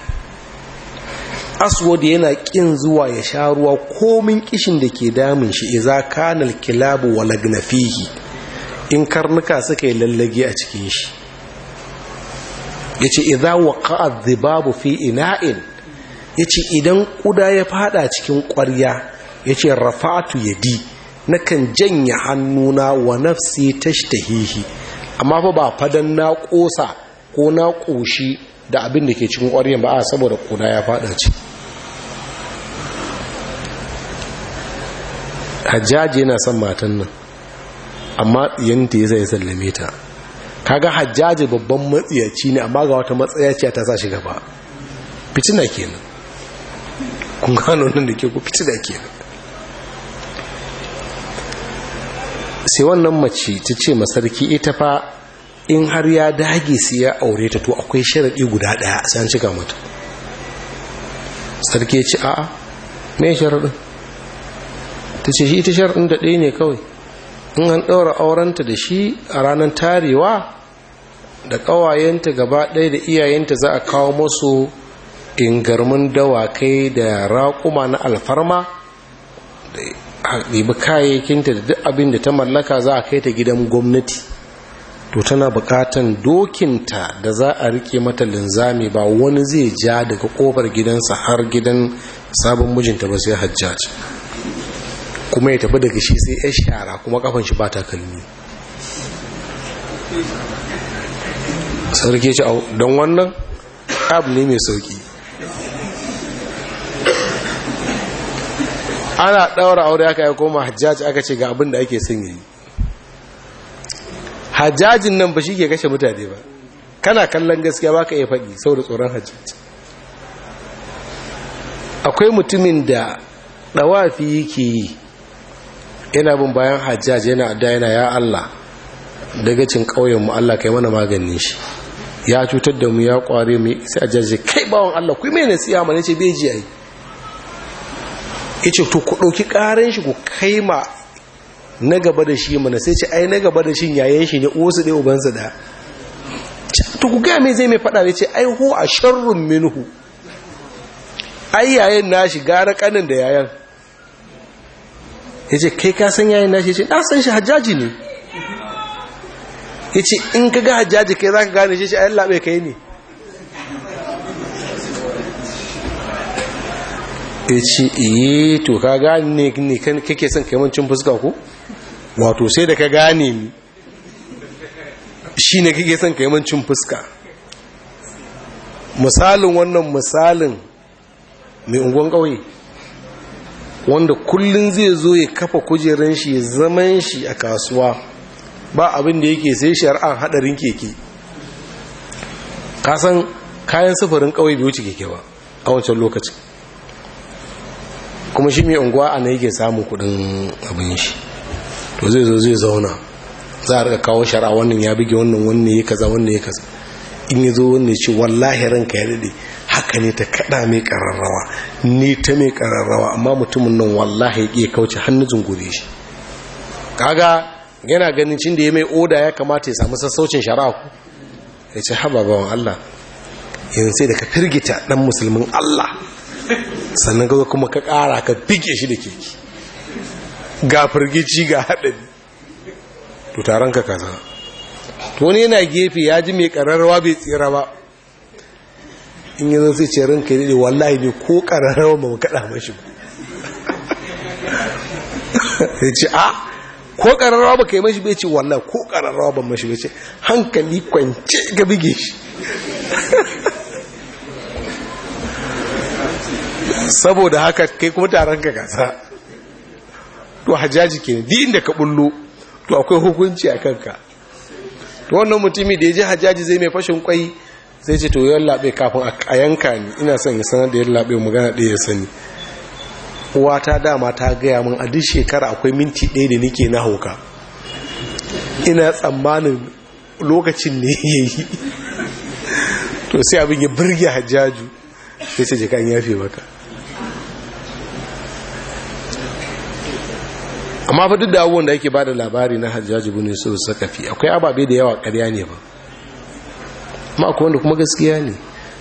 [SPEAKER 1] aswad yana ƙin zuwa ya sha ruwa komin kishin da ke damun shi iza kanal kilabu wa lagnafihi in karnuka suka yi lallage a cikin shi ya ce iza ka'ad zibabu fi ina'in ya ce idan kuda ya fada cikin ƙwarya ya ce rafatu ya di na kan janya hannuna wa nafsi ta hihi amma fa ba fadan na ƙosa ko na ƙoshi da abin da ke cikin kwaryan ba a saboda kuda ya fada ci hajjaji yana son matan nan amma yanta ya zai sallame ta kaga hajjaji babban matsiyaci ne amma ga wata matsayaci ta sa shi gaba fitina kenan kun gano nan da ke ku fice da ke sai wannan mace ta ce masarki ita fa in har ya dage su ya aure ta to akwai sharaɗi guda ɗaya a an cika mata sarki ya ce a'a me sharaɗin ta ce shi ita sharaɗin da ɗaya ne kawai in an ɗaura aurenta da shi a ranar tarewa da ƙawayenta gaba ɗaya da iyayenta za a kawo masu ingarmin dawakai da raƙuma na alfarma da ɗibi kayayyakinta da duk abin da ta mallaka za a kai ta gidan gwamnati to tana buƙatan dokinta da za a rike mata linzami ba wani zai ja daga ƙofar gidansa har gidan sabon mijinta ba sai hajjaji kuma ya tafi daga shi sai ya shara kuma ƙafan shi ba takalmi sarki ce don wannan abu ne mai sauki ana ɗaura aure aka yi koma hajjaji aka ce ga abin da ake son yi hajjajin nan ba shi ke kashe mutane ba kana kallon gaskiya ba ka iya faɗi saboda tsoron hajjaji akwai mutumin da ɗawafi yake yi yana bin bayan hajjaji yana adda yana ya Allah daga cin ƙauyenmu Allah kai mana maganin shi ya cutar da mu ya ƙware mu sai hajjaji kai bawan Allah kuma yana siya mana ce bai ji ai ya ce to ku ɗauki ƙarin shi ku kai ma na gaba da shi mana sai ce ai na gaba da shi yayan shi ne osu ɗaya ubansa da to ku gaya mai zai mai faɗa ya ce ai ho a sharrun minhu ai yayan nashi gara kanin da yayan ya ce kai ka san yayan nashi ce na san shi hajjaji ne ya ce in ka ga hajjaji kai za ka gane shi shi ayan laɓe kai ne ya ce iya eh, to ka gane ne kake son kaimancin fuska ko wato sai da ka gane ni shi ne kake son kaimancin fuska misalin wannan misalin mai ungon ƙauye wanda kullum zai zo ya kafa kujeran shi zaman shi a kasuwa ba abin da yake sai shari'an hadarin keke kasan kayan sufurin ƙauye bai wuce keke ba a wancan lokacin kuma shi mai unguwa a na yake samun kudin abin shi to zai zo zai zauna za a rika kawo shara wannan ya bige wannan wannan ya kaza wannan ya kaza in ya zo wannan ce wallahi ranka ya dade haka ne ta kaɗa mai kararrawa Ne ta mai kararrawa amma mutumin nan wallahi ya kauce hannun gobe shi kaga yana ganin cin da ya mai oda ya kamata ya samu sassaucin shara'a ku ya ce haba bawan Allah yanzu sai da ka firgita ɗan musulmin Allah sannan ga kuma ka ƙara ka fike shi da keke ga firgici ga haɗari to taron ka kaza to yana gefe ya ji mai ƙararrawa bai tsira ba in yi zan sai ce ranka yi wallahi ne ko ƙararrawa ba kaɗa mashi ba ya ce a ko ƙararrawa ba ka yi mashi bai ce wallahi ko ƙararrawa ba mashi bai ce hankali kwance ga bige shi saboda haka kai kuma taron ka gasa to hajjaji ke di inda ka bullo to akwai hukunci a kanka to wannan mutumi da ya ji hajjaji zai mai fashin kwai zai ce to yawan labe kafin a yanka ni ina son ya sanar da yawan labe magana ɗaya ya sani uwa ta dama ta gaya min a duk shekara akwai minti ɗaya da nake na hauka ina tsammanin lokacin ne ya yi to sai abin ya birge hajjaju sai ce jikan yafe maka amma fa duk da abubuwan da ake bada labari na hajjaji su saka sakafi akwai ababe da yawa karya ne ba amma akwai wanda kuma gaskiya ne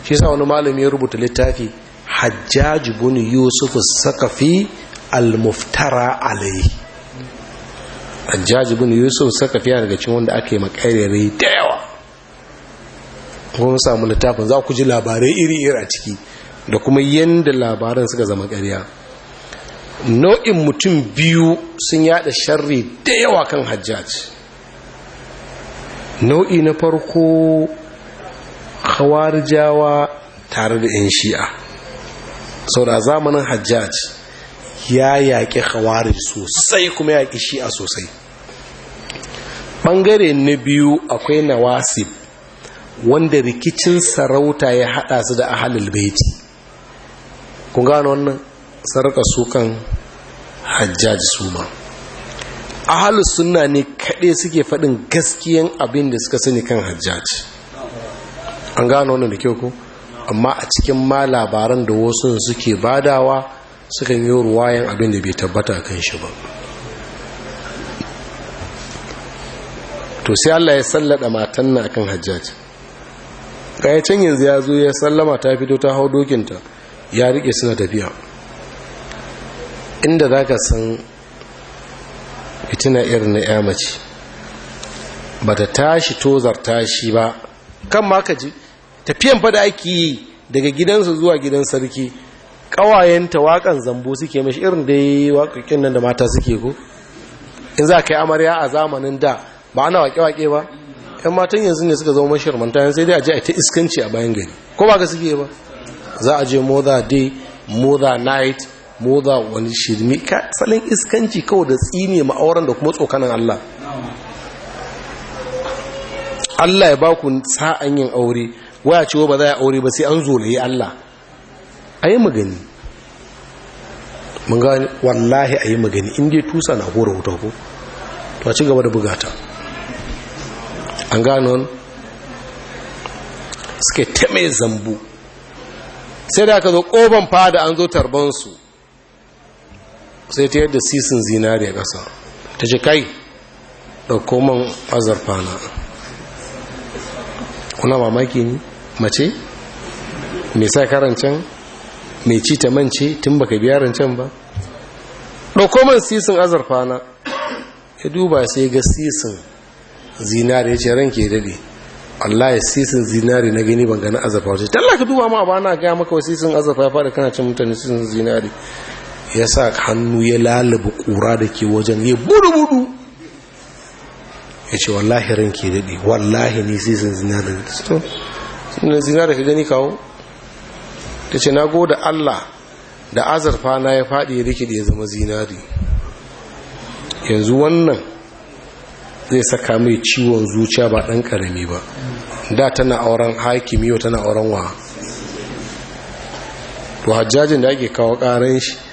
[SPEAKER 1] shi sa wani malami ya rubuta littafi hajjaji bin yusuf sakafi fi almuftara alai hajjaji bin yusuf sakafi daga cikin wanda ake makarere da yawa kuma samu littafin za ku ji labarai iri-iri a ciki da kuma yanda labaran suka zama karya nau'in mutum biyu sun yada sharri da yawa kan hajjaj nau'i na farko jawa tare da 'yan shi'a sau da zamanin hajjaj ya yaƙi kawari sosai kuma yaƙi shi'a sosai ɓangare na biyu akwai nawasib wanda rikicin sarauta ya haɗa su da ahalul baiti kun gano wannan sarka sukan hajjaj suma ahalu sunna ne kaɗai suke faɗin gaskiyan abin da suka sani kan hajjaj an gano wannan da kyau ko amma a cikin ma labaran da wasu suke badawa sukan yi ruwayan abin da bai tabbata kan shi ba to sai Allah ya sallada matan na akan hajjaj gaya can yanzu ya zo ya sallama ta fito ta hau dokinta ya rike suna tafiya inda za ka san fitina irin na yamaci ba ta tashi tozar tashi ba kan ji tafiyan fada ake yi daga gidansu zuwa gidan sarki ta wakan zambo suke mashi irin da yi nan da mata suke ko in za ka yi amarya a zamanin da ba ana waƙe-waƙe ba yan matan yanzu ne suka zama mashirmanta sai dai a je a ta iskanci a bayan gari ko ba ka suke ba za a je moza day moza night moza wani shirme ka salin iskanci kawai da tsini ma'auran da kuma tsokanan Allah Allah ya ba ku sa'an yin aure waya ce ba za a aure ba sai an zo yi Allah a yi magani mun wallahi a yi magani inda tusa na hura wuta ko to a ci gaba da bugata an gano suke teme zambu sai da aka zo ƙoban fada an zo tarbansu sai ta yadda sisin zinari a ƙasa ta ce kai ɗauko koman azarfana, na kuna mamaki ne mace mai sa karancan mai ci ta mance tun baka biya rancen ba ɗauko man sisin azarfana na ya duba sai ga sisin zinari ya ce ranke daɗe Allah ya sisin zinari na gani ban gani azurfa wace tallaka duba ma ba na gaya maka wa sisin azurfa ya fara. kana cin mutane sisin zinari ya sa hannu ya lalaba ƙura da ke wajen ya budu-budu ya ce wallahi ranke daɗe wallahi ne sai sun zina da sun zina da gani kawo ta ce na goda allah da azarfa na ya faɗi ya rikide ya zama zinari yanzu wannan zai saka mai ciwon zuciya ba ɗan ƙarami ba da tana auren hakimi yau tana auren wa to hajjajin da ake kawo ƙaranshi. shi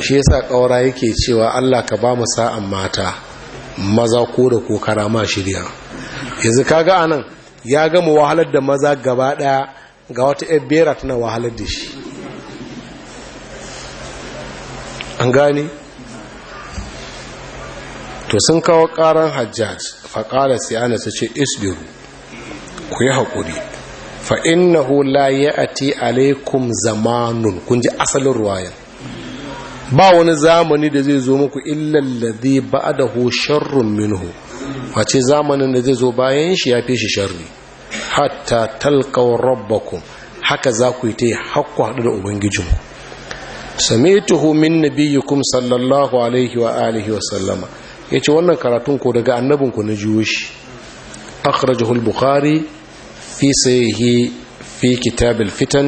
[SPEAKER 1] shi yasa ƙaura yake cewa allah ka ba mu sa'an mata maza ko da ko karama shirya yanzu kaga anan ya gama wahalar da maza gaba daya ga wata yar bera tana wahalar da shi an gane to sun kawo ƙaran hajjaj faƙala sai ana su ce isbiru ku yi haƙuri fa'innahu hula ya ati alaikum zamanun kun ji asalin ruwayan ba wani zamani da zai zo muku illallazi ba'dahu sharrun minhu wace zamanin da zai zo bayan shi ya fi shi sharri hatta talqaw rabbakum haka za ku yi ta hakku haɗu da ubangijinku sami'tuhu min nabiyyikum sallallahu alaihi wa alihi wa sallama yace wannan karatun ko daga annabin ku na jiwo shi akhrajahu al-bukhari fi sahihi fi kitab fitan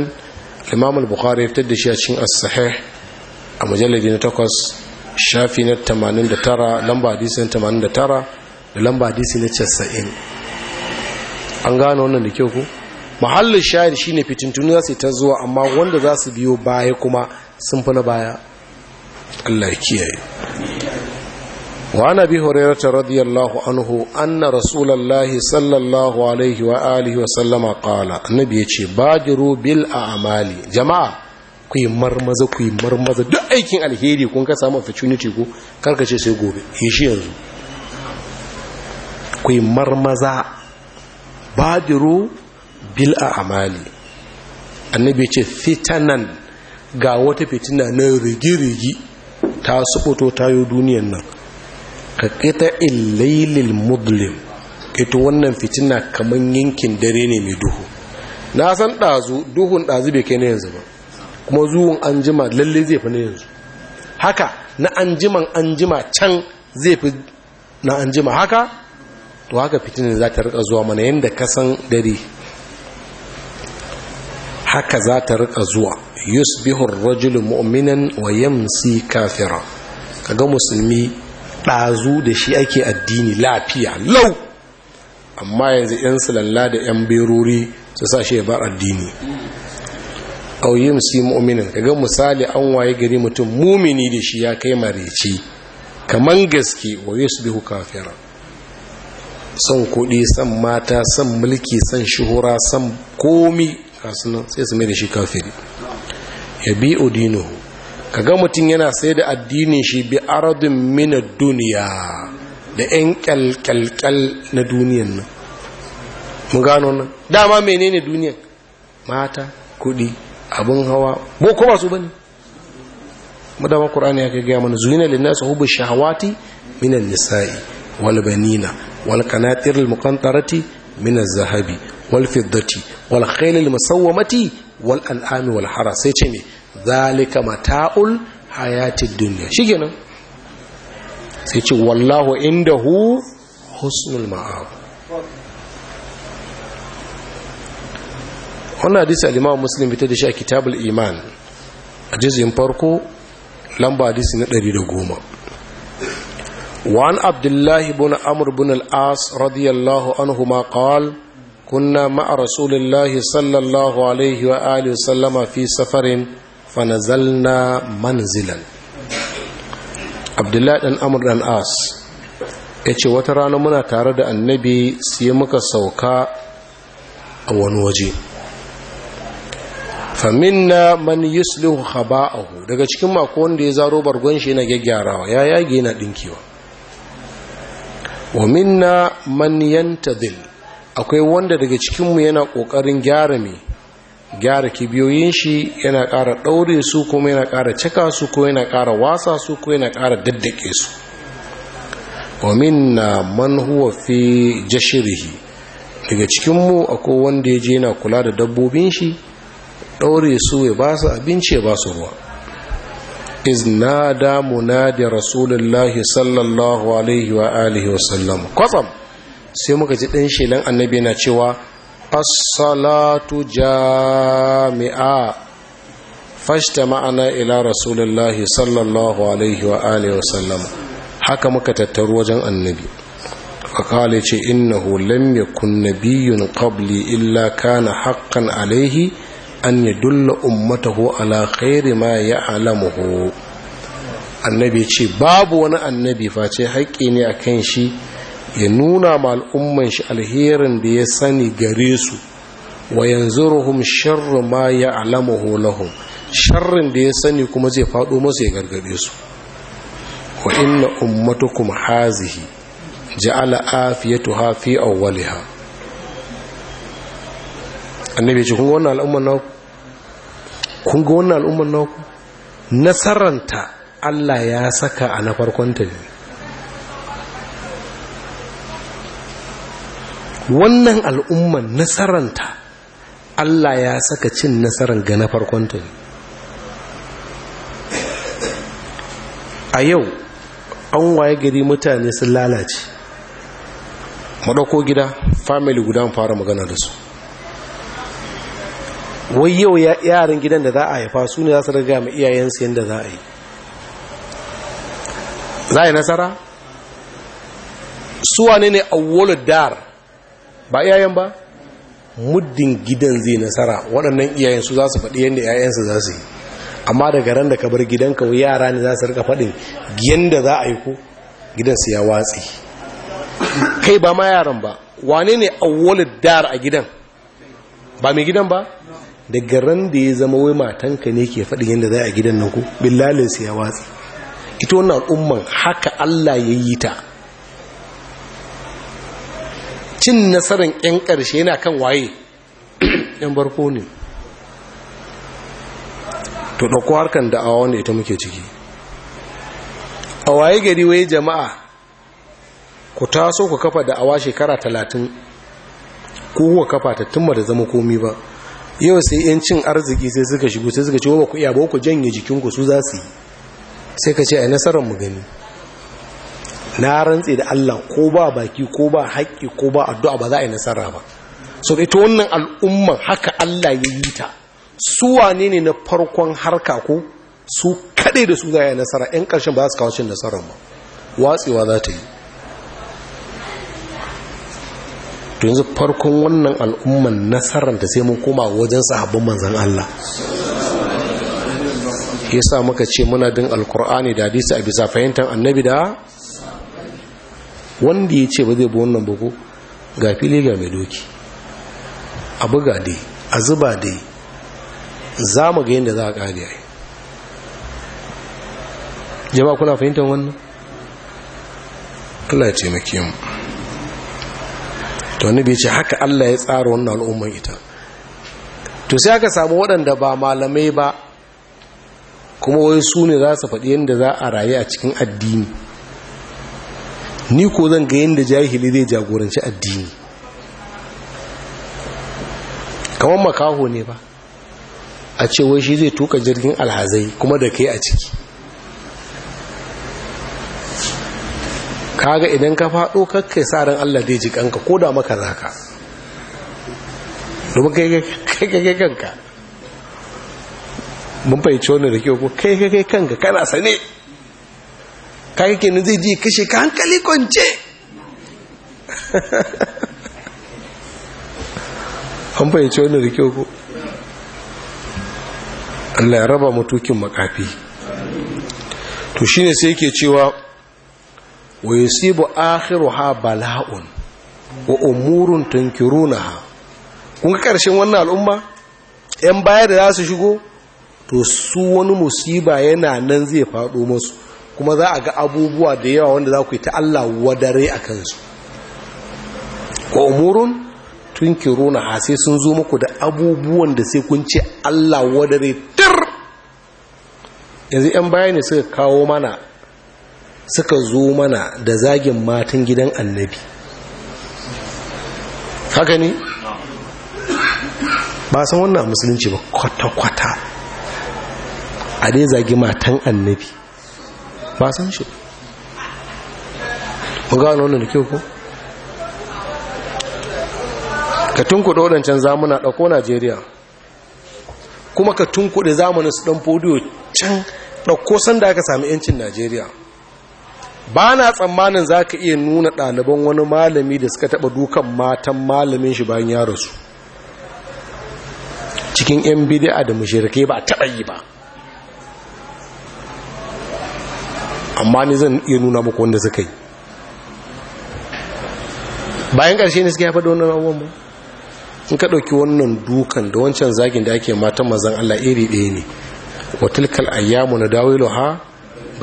[SPEAKER 1] imam bukhari ya fitar da shi a cikin as-sahih a majalabi na takwas shafi na tamanin da tara, lamba disi na tamanin da tara da lamba disi na casa'in. an gano wannan da kyau ku mahallin shayar shine fitintuni za su yi ta zuwa amma wanda za su biyo baya kuma sun fi na baya allah kiyaye wa ana bi horarata radiyallahu anhu anna rasulallahi sallallahu alaihi wa alihi wa sallama kala annabi ya ce bajiru bil a amali jama'a ku yi marmaza ku yi marmaza duk aikin alheri kun ka samu opportunity ku karkace sai gobe yi shi yanzu ku yi marmaza badiru bil a amali annabi ce fitanan ga wata fitina na rigi-rigi ta ta yi duniyan nan ka kita illailil mudlim ita wannan fitina kamar yankin dare ne mai duhu na san ɗazu duhun ɗazu bai kai na yanzu ba kuma zuwan anjima lalle zai fi na yanzu haka na anjiman anjima can zai fi na anjima haka to haka fitinin za ta rika zuwa mana yadda kasan dare haka za ta rika zuwa Bihun, rajulu mu'minan wa yamsi kafira ga musulmi ɗazu da shi ake addini lafiya lau amma yanzu 'yan sulalla da 'yan berori su sa shi ya bar addini au si mu'minin daga misali an waye gari mutum mumini da shi ya kai mareci kaman gaske wa yusbihu kafira son kudi san mata son mulki san shuhura son komi kasunan sai su mai da shi kafiri ya bi udinuhu kaga mutum yana sai da addinin shi bi aradun mina duniya da 'yan kyalkyalkyal na duniyan nan mu gano nan dama menene duniyan mata kuɗi abin hawa mu ko ba su bane madama qur'ani ya gaya mana zuyina lin-nasi hubbu shahawati minan nisa'i wal banina wal qanatir al-muqantarati zahabi wal fiddati wal khayl musawwamati wal al'ami wal haras sai ce me zalika mata'ul hayatid dunya shikenan sai ce wallahu indahu husnul ma'ab wannan hadisi alimawa muslim ita da sha kitabul iman a jizin farko lamba hadisi na 110 wa'an abdullahi bin amur bin al'as radiyallahu anhu ma qal kunna ma'a rasulullahi sallallahu alaihi wa alihi sallama fi safarin fa nazalna manzilan abdullahi dan amur dan as ya ce wata rana muna tare da annabi sai muka sauka a wani waje faminna man yuslihu khaba'ahu daga cikin mako wanda ya zaro bargon shi na gyaggyarawa ya yage na dinkiwa wa minna man yantadil akwai wanda daga cikin mu yana kokarin gyara me gyara kibiyoyin shi yana ƙara daure su kuma yana ƙara cika su kuma yana ƙara wasa su kuma yana ƙara daddake su wa minna man huwa fi jashirihi daga cikin mu akwai wanda ya je yana kula da dabbobin shi ɗaure su ya ba su abinci ya ba su ruwa da munadi rasulullahi sallallahu alaihi wa alihi wa sallam kwatsam sai muka ji ɗan shelan annabi na cewa as-salatu jami'a fashta ma'ana ila rasulullahi sallallahu alaihi wa alihi wa sallam haka muka tattaru wajen annabi فقال إنه لم يكن biyun qabli illa kana حقا alaihi an dulla ummatahu ala khairi ma ya alamuhu annabi ce babu wani annabi face haƙƙi ne a kan shi ya nuna ma al'umman shi alherin da ya sani gare su wa yanzu ruhun sharru ma ya ya'lamuhu lahun sharrin da ya sani kuma zai faɗo masu ya gargaɗe su wa inna ummatukum hazihi ja'ala ha fi awwaliha annabi ce kun wannan al'umman na. kun ga wannan al'ummar naku nasaranta Allah ya saka a na farkon ta ne wannan al'umman nasaranta Allah ya saka cin nasarar ga na farkon ta ne a yau an waye gari mutane sun lalace maɗauko gida family guda fara magana da su wai yau yaran gidan da za a haifa su ne za su raga mai iyayensu yadda za a yi za a yi nasara suwa ne ne awwalar dar ba iyayen ba muddin gidan zai nasara waɗannan iyayen su za su faɗi yadda iyayensu za su yi amma daga ran da ka bar gidanka yara ne za su rika faɗin yadda za a yi ko gidansu ya watsi kai ba ma yaran ba wane ne awwalar dar a gidan ba mai gidan ba daga ran da ya zama wai matanka ne ke faɗin yadda za a gidan nan ku billalinsu ya watsi ita wannan al'umman haka Allah ya yi ta cin nasarar 'yan ƙarshe yana kan waye 'yan barko ne to ɗauko harkar da'awa wanda ita muke ciki a waye gari waye jama'a ku taso ku kafa da'awa shekara talatin ko kuwa kafa ta tun da zama komi ba yau sai yan cin arziki sai suka shigo sai suka ce wa ku iya ba ku janye jikinku su za su yi sai ka ce a nasarar mu gani na rantse da Allah ko ba baki ko ba haƙƙi ko ba addu'a ba za a yi nasara ba so ita wannan al'umma haka Allah ya yi ta su wane ne na farkon harka ko su kaɗai da su za a yi nasara 'yan ƙarshen ba su kawo cin nasarar ba watsewa za ta yi to yanzu farkon wannan al'umman nasaranta sai mun koma wajen sahabban manzan Allah ya sa muka ce muna din alkur'ani da hadisi a bisa fahimtar annabi da wanda ya ce ba zai bi wannan bako ga fili ga mai doki a buga dai a zuba dai za mu ga yadda za a a yi jama'a kuna fahimtar wannan kula ya makiyan mu to annabi bai ce haka Allah ya tsara wannan al'umman ita to sai aka samu waɗanda ba malamai ba kuma wai su ne za su faɗi yadda za a rayu a cikin addini ni ko zan ga yadda jahili zai jagoranci addini kamar makaho ne ba a ce wai shi zai tuka jirgin alhazai kuma da kai a ciki kaga idan ka faɗo kakka sa ran Allah zai ji kanka ko da maka zaka domin kai kai kanka mun fahimci wannan da kyau ko kai kai kai kanka kana sane kai kenan zai ji kashe ka hankali kwance an fahimci wannan da kyau ko Allah ya raba mutukin makafi to shine sai yake cewa wa yusibu ha bala'un wa umurun tunkirunaha kun ga karshen wannan al'umma yan baya da za su shigo to su wani musiba yana nan zai faɗo musu kuma za a ga abubuwa da yawa wanda za ku yi ta Allah wadare a kansu wa umurun ha sai sun zo muku da abubuwan da sai kun ce Allah wadare tir yanzu yan baya ne suka kawo mana suka zo mana da zagin matan gidan annabi haka ne ba san wannan musulunci ba kwata-kwata a dai zagi matan annabi ba san shi ba ga wannan da kyau ko ka tunkuɗe waɗancan zamuna ɗauko najeriya kuma ka tunkuɗe zamanin su ɗan fodiyo can ɗauko sanda aka sami 'yancin najeriya ba na tsammanin za ka iya nuna ɗaliban wani malami da suka taɓa dukan matan malamin shi bayan ya rasu cikin 'yan bidi'a da mashirke ba taɓa yi ba amma ni zan iya nuna muku wanda suka yi bayan ƙarshe ne suka haifar da wannan abubuwan ba in ka ɗauki wannan dukan da wancan zagin da ake matan mazan allah iri ɗaya ne watilkal ayyamu na dawilo ha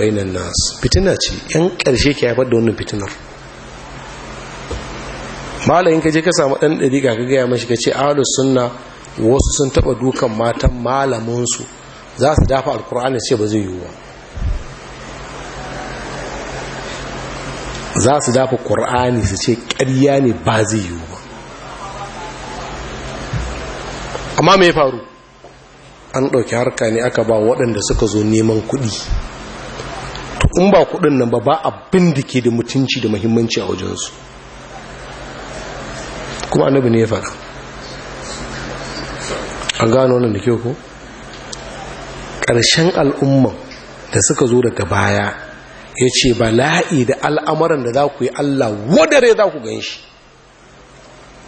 [SPEAKER 1] bainan nas fitina ce yan karshe ke haifar da wannan fitinar malamin ka je ka samu dan dariƙa ka gaya mashi ka ce ahlus sunna wasu sun taba dukan matan malamin su za su dafa alqur'ani ce ba zai yiwu za su dafa ƙur'ani su ce ƙarya ne ba zai yiwu ba amma mai faru an ɗauki harka ne aka ba waɗanda suka zo neman kuɗi to in ba kudin nan ba ba abin da ke da mutunci da muhimmanci a wajensu kuma annabi ne ya faɗa an gano wannan da ke ko ƙarshen al'umman da suka zo daga baya ya ce ba la'i da al'amuran da za ku yi Allah wadare za ku gan shi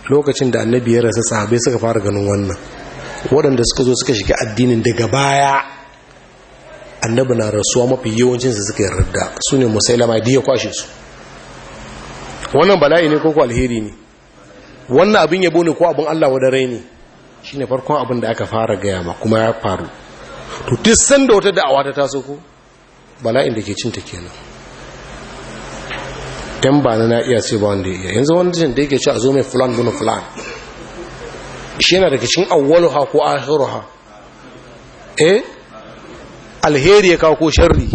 [SPEAKER 1] lokacin da annabi ya rasa sahabai suka fara ganin wannan waɗanda suka zo suka shiga addinin daga baya annabi na rasuwa mafi yawancinsu suka yarda su ne musailama ya kwashe su wannan bala'i ne ko alheri ne wannan abin yabo ne ko abin allah wadare ne shi ne farkon abin da aka fara gaya ma kuma ya faru to duk sanda wata da'awa ta taso ko bala'in da ke cinta kenan dan ba na iya sai ba wanda ya yanzu wani jin da yake ci a zo mai fulan bin fulan shi yana daga cikin ha ko akhiruha eh alheri ya kawo ko sharri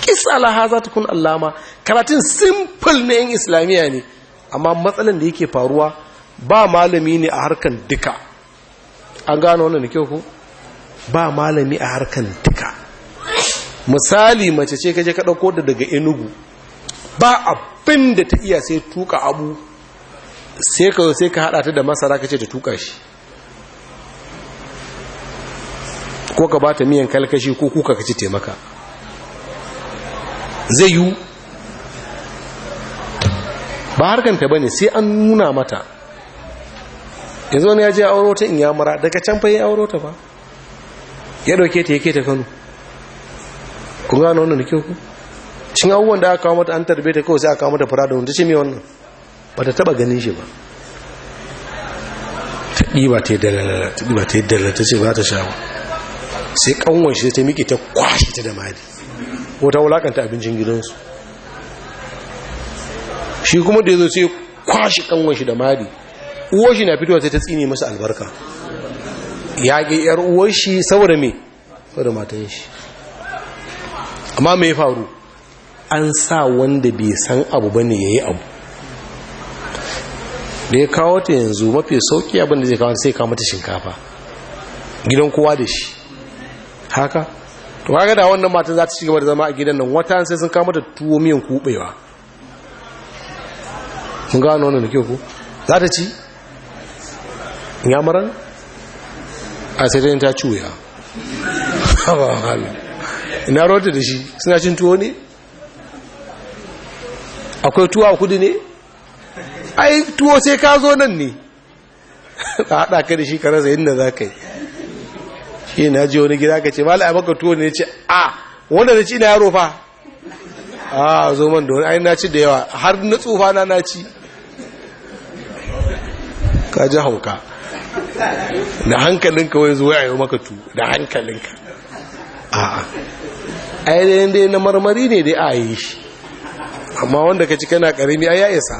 [SPEAKER 1] kisa alaha za ta kun allama karatun simple na yin islamiyya ne amma matsalan da yake faruwa ba malami ne a harkan duka an gano wani da kyau ko ba malami a harkan duka misali mace ce kaje ka ɗauko da daga enugu ba abin da ta iya sai tuka abu sai ka haɗa hada ta da masara ka ce ta tuka shi ko ka bata miyan kalkashi ko kuka ka ci taimaka zai yi ba harkanta ba ne sai an nuna mata yanzu wani ya je auro ta in yamura daga can fa ya auro ba ya dauke ta yake ta kano kun gano wannan da kyau ku cin abubuwan da aka kawo mata an tarbe ta kawai sai aka kawo mata fara da wanda ce mai wannan ba ta taba ganin shi ba ta ɗi ba ta ta yi dalala ta ce ba ta sha ba sai kanwan shi ta miƙe ta kwashe ta da mali ko ta wulakanta abincin gidansu shi kuma da ya zo sai kwashe kanwan shi da mali uwar na fitowa sai ta tsine masa albarka ya ga yar uwar saboda me saboda matan amma me ya faru an sa wanda bai san abu ba ne ya yi abu da ya kawo ta yanzu mafi sauki abin da zai kawo sai kawo mata shinkafa gidan kowa da shi haka to kaga da wannan matan za ta cigaba da zama a gidan nan wata sai sun kama da tuwo miyan kubewa mun ga wannan ne kyau ko za ta ci yamaran a sai dai ta cuya ba hali ina rota da shi suna cin tuwo ne akwai tuwa a kudu ne ai tuwo sai ka zo nan ne a haɗa ka da shi ka rasa yadda za ka yi shi na ji wani gida ka ce mala abaka tuwo ne ce a wanda na ci na yaro fa a zo man da wani ainihin na ci da yawa har na tsufa na na ci ka ji hauka da hankalinka wai zuwa yi maka tu da hankalinka a a ainihin dai na marmari ne dai a yi shi amma wanda ka ci kana karimi a ya isa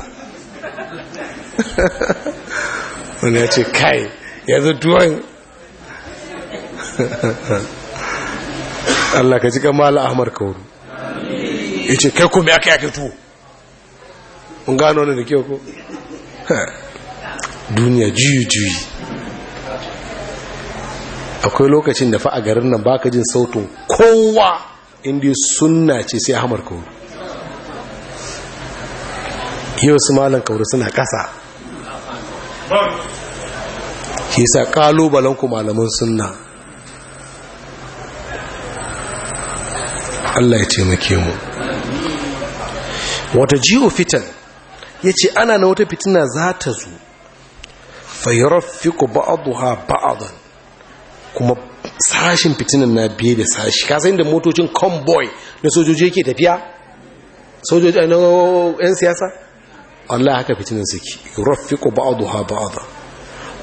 [SPEAKER 1] wani ya ce kai yanzu tuwon Allah ka ji kamala ahmar kauru ya ce kai kuma ya aka ake tuwo mun gano wani da kyau ko duniya juyi-juyi akwai lokacin da fa a garin nan baka jin sautin kowa inda sunna ce sai ahmar kauru yau su malan kauru suna kasa ke sa kalubalen ku malamin sunna Allah ya taimake mu wata jiho fitan ya ce ana na wata fitina za ta zo ba'adu ba'aduha ba'adun kuma sashin fitinan na biye da sashi kasa inda motocin convoy na sojoji yake tafiya sojoji eh, a eh, eh, yan siyasa Allah haka fitinan suke ba'adu ba'aduha ba'adun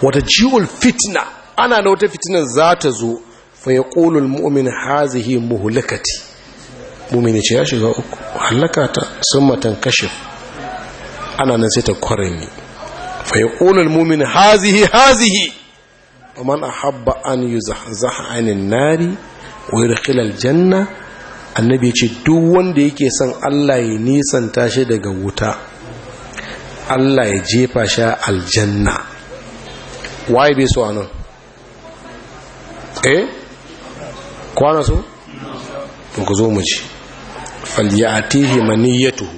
[SPEAKER 1] wata jiyo fitina ana na wata fitinan za ta zo fayyaqulul mu'min hazihi muhlikati mumini ce ya shiga uku hallaka ta sun matan kashif ana nan sai ta kware fa ya ƙunar mumini hazihi hazihi ba man an yi zaha ainihin nari da kilal janna annabi ce duk wanda yake son allah ya nisanta shi daga wuta allah ya jefa sha aljanna waye bai so anan eh kwana ku zo mu ci falyatihi maniyatuhu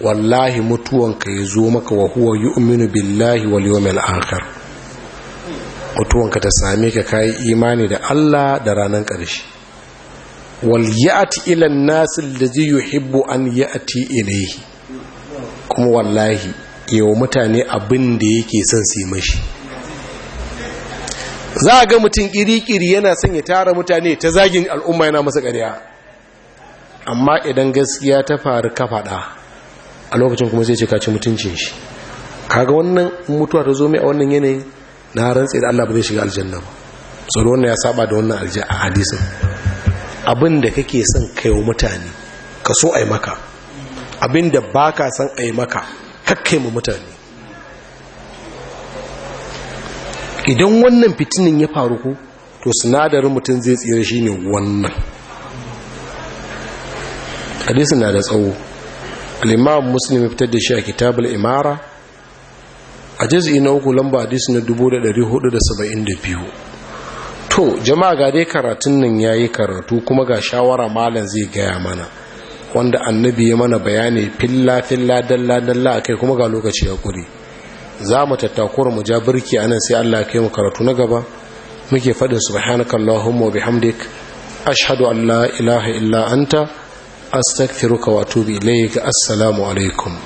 [SPEAKER 1] wallahi mutuwanka ya zo maka wa huwa yu'minu billahi wal yawmil akhir mutuwanka ta same ka kai imani da Allah da ranar karshe wal ya'ti ila an-nas alladhi yuhibbu an ya'ti ilayhi kuma wallahi yau mutane abin da yake son su mashi za a ga mutum kiri-kiri yana son ya tara mutane ta zagin al'umma yana masa ƙarya amma idan gaskiya ta faru ka faɗa a lokacin kuma zai ce kaci mutuncin shi kaga wannan mutuwa ta zo mai a wannan yanayin na rantse da Allah ba zai shiga aljanna ba tsoro wannan ya saba da wannan aljanna a hadisin abin da kake son kai wa mutane ka so ai maka abin da baka son ai maka kakkai mu mutane idan wannan fitinin ya faru ko to sinadarin mutum zai tsira shine wannan hadisin na da tsawo al'imam muslim ya fitar da shi a kitabul imara a jiz'i na uku lamba hadisi na 472 to jama'a ga dai karatun nan ya yi karatu kuma ga shawara malam zai gaya mana wanda annabi ya mana bayani filla filla dalla dalla kai kuma ga lokaci ya kuri za mu tattakura mu ja birki anan sai Allah kai mu karatu na gaba muke faɗin subhanakallahumma wa bihamdik ashhadu an la ilaha illa anta astaghfiruka wa atubu ilayk assalamu alaikum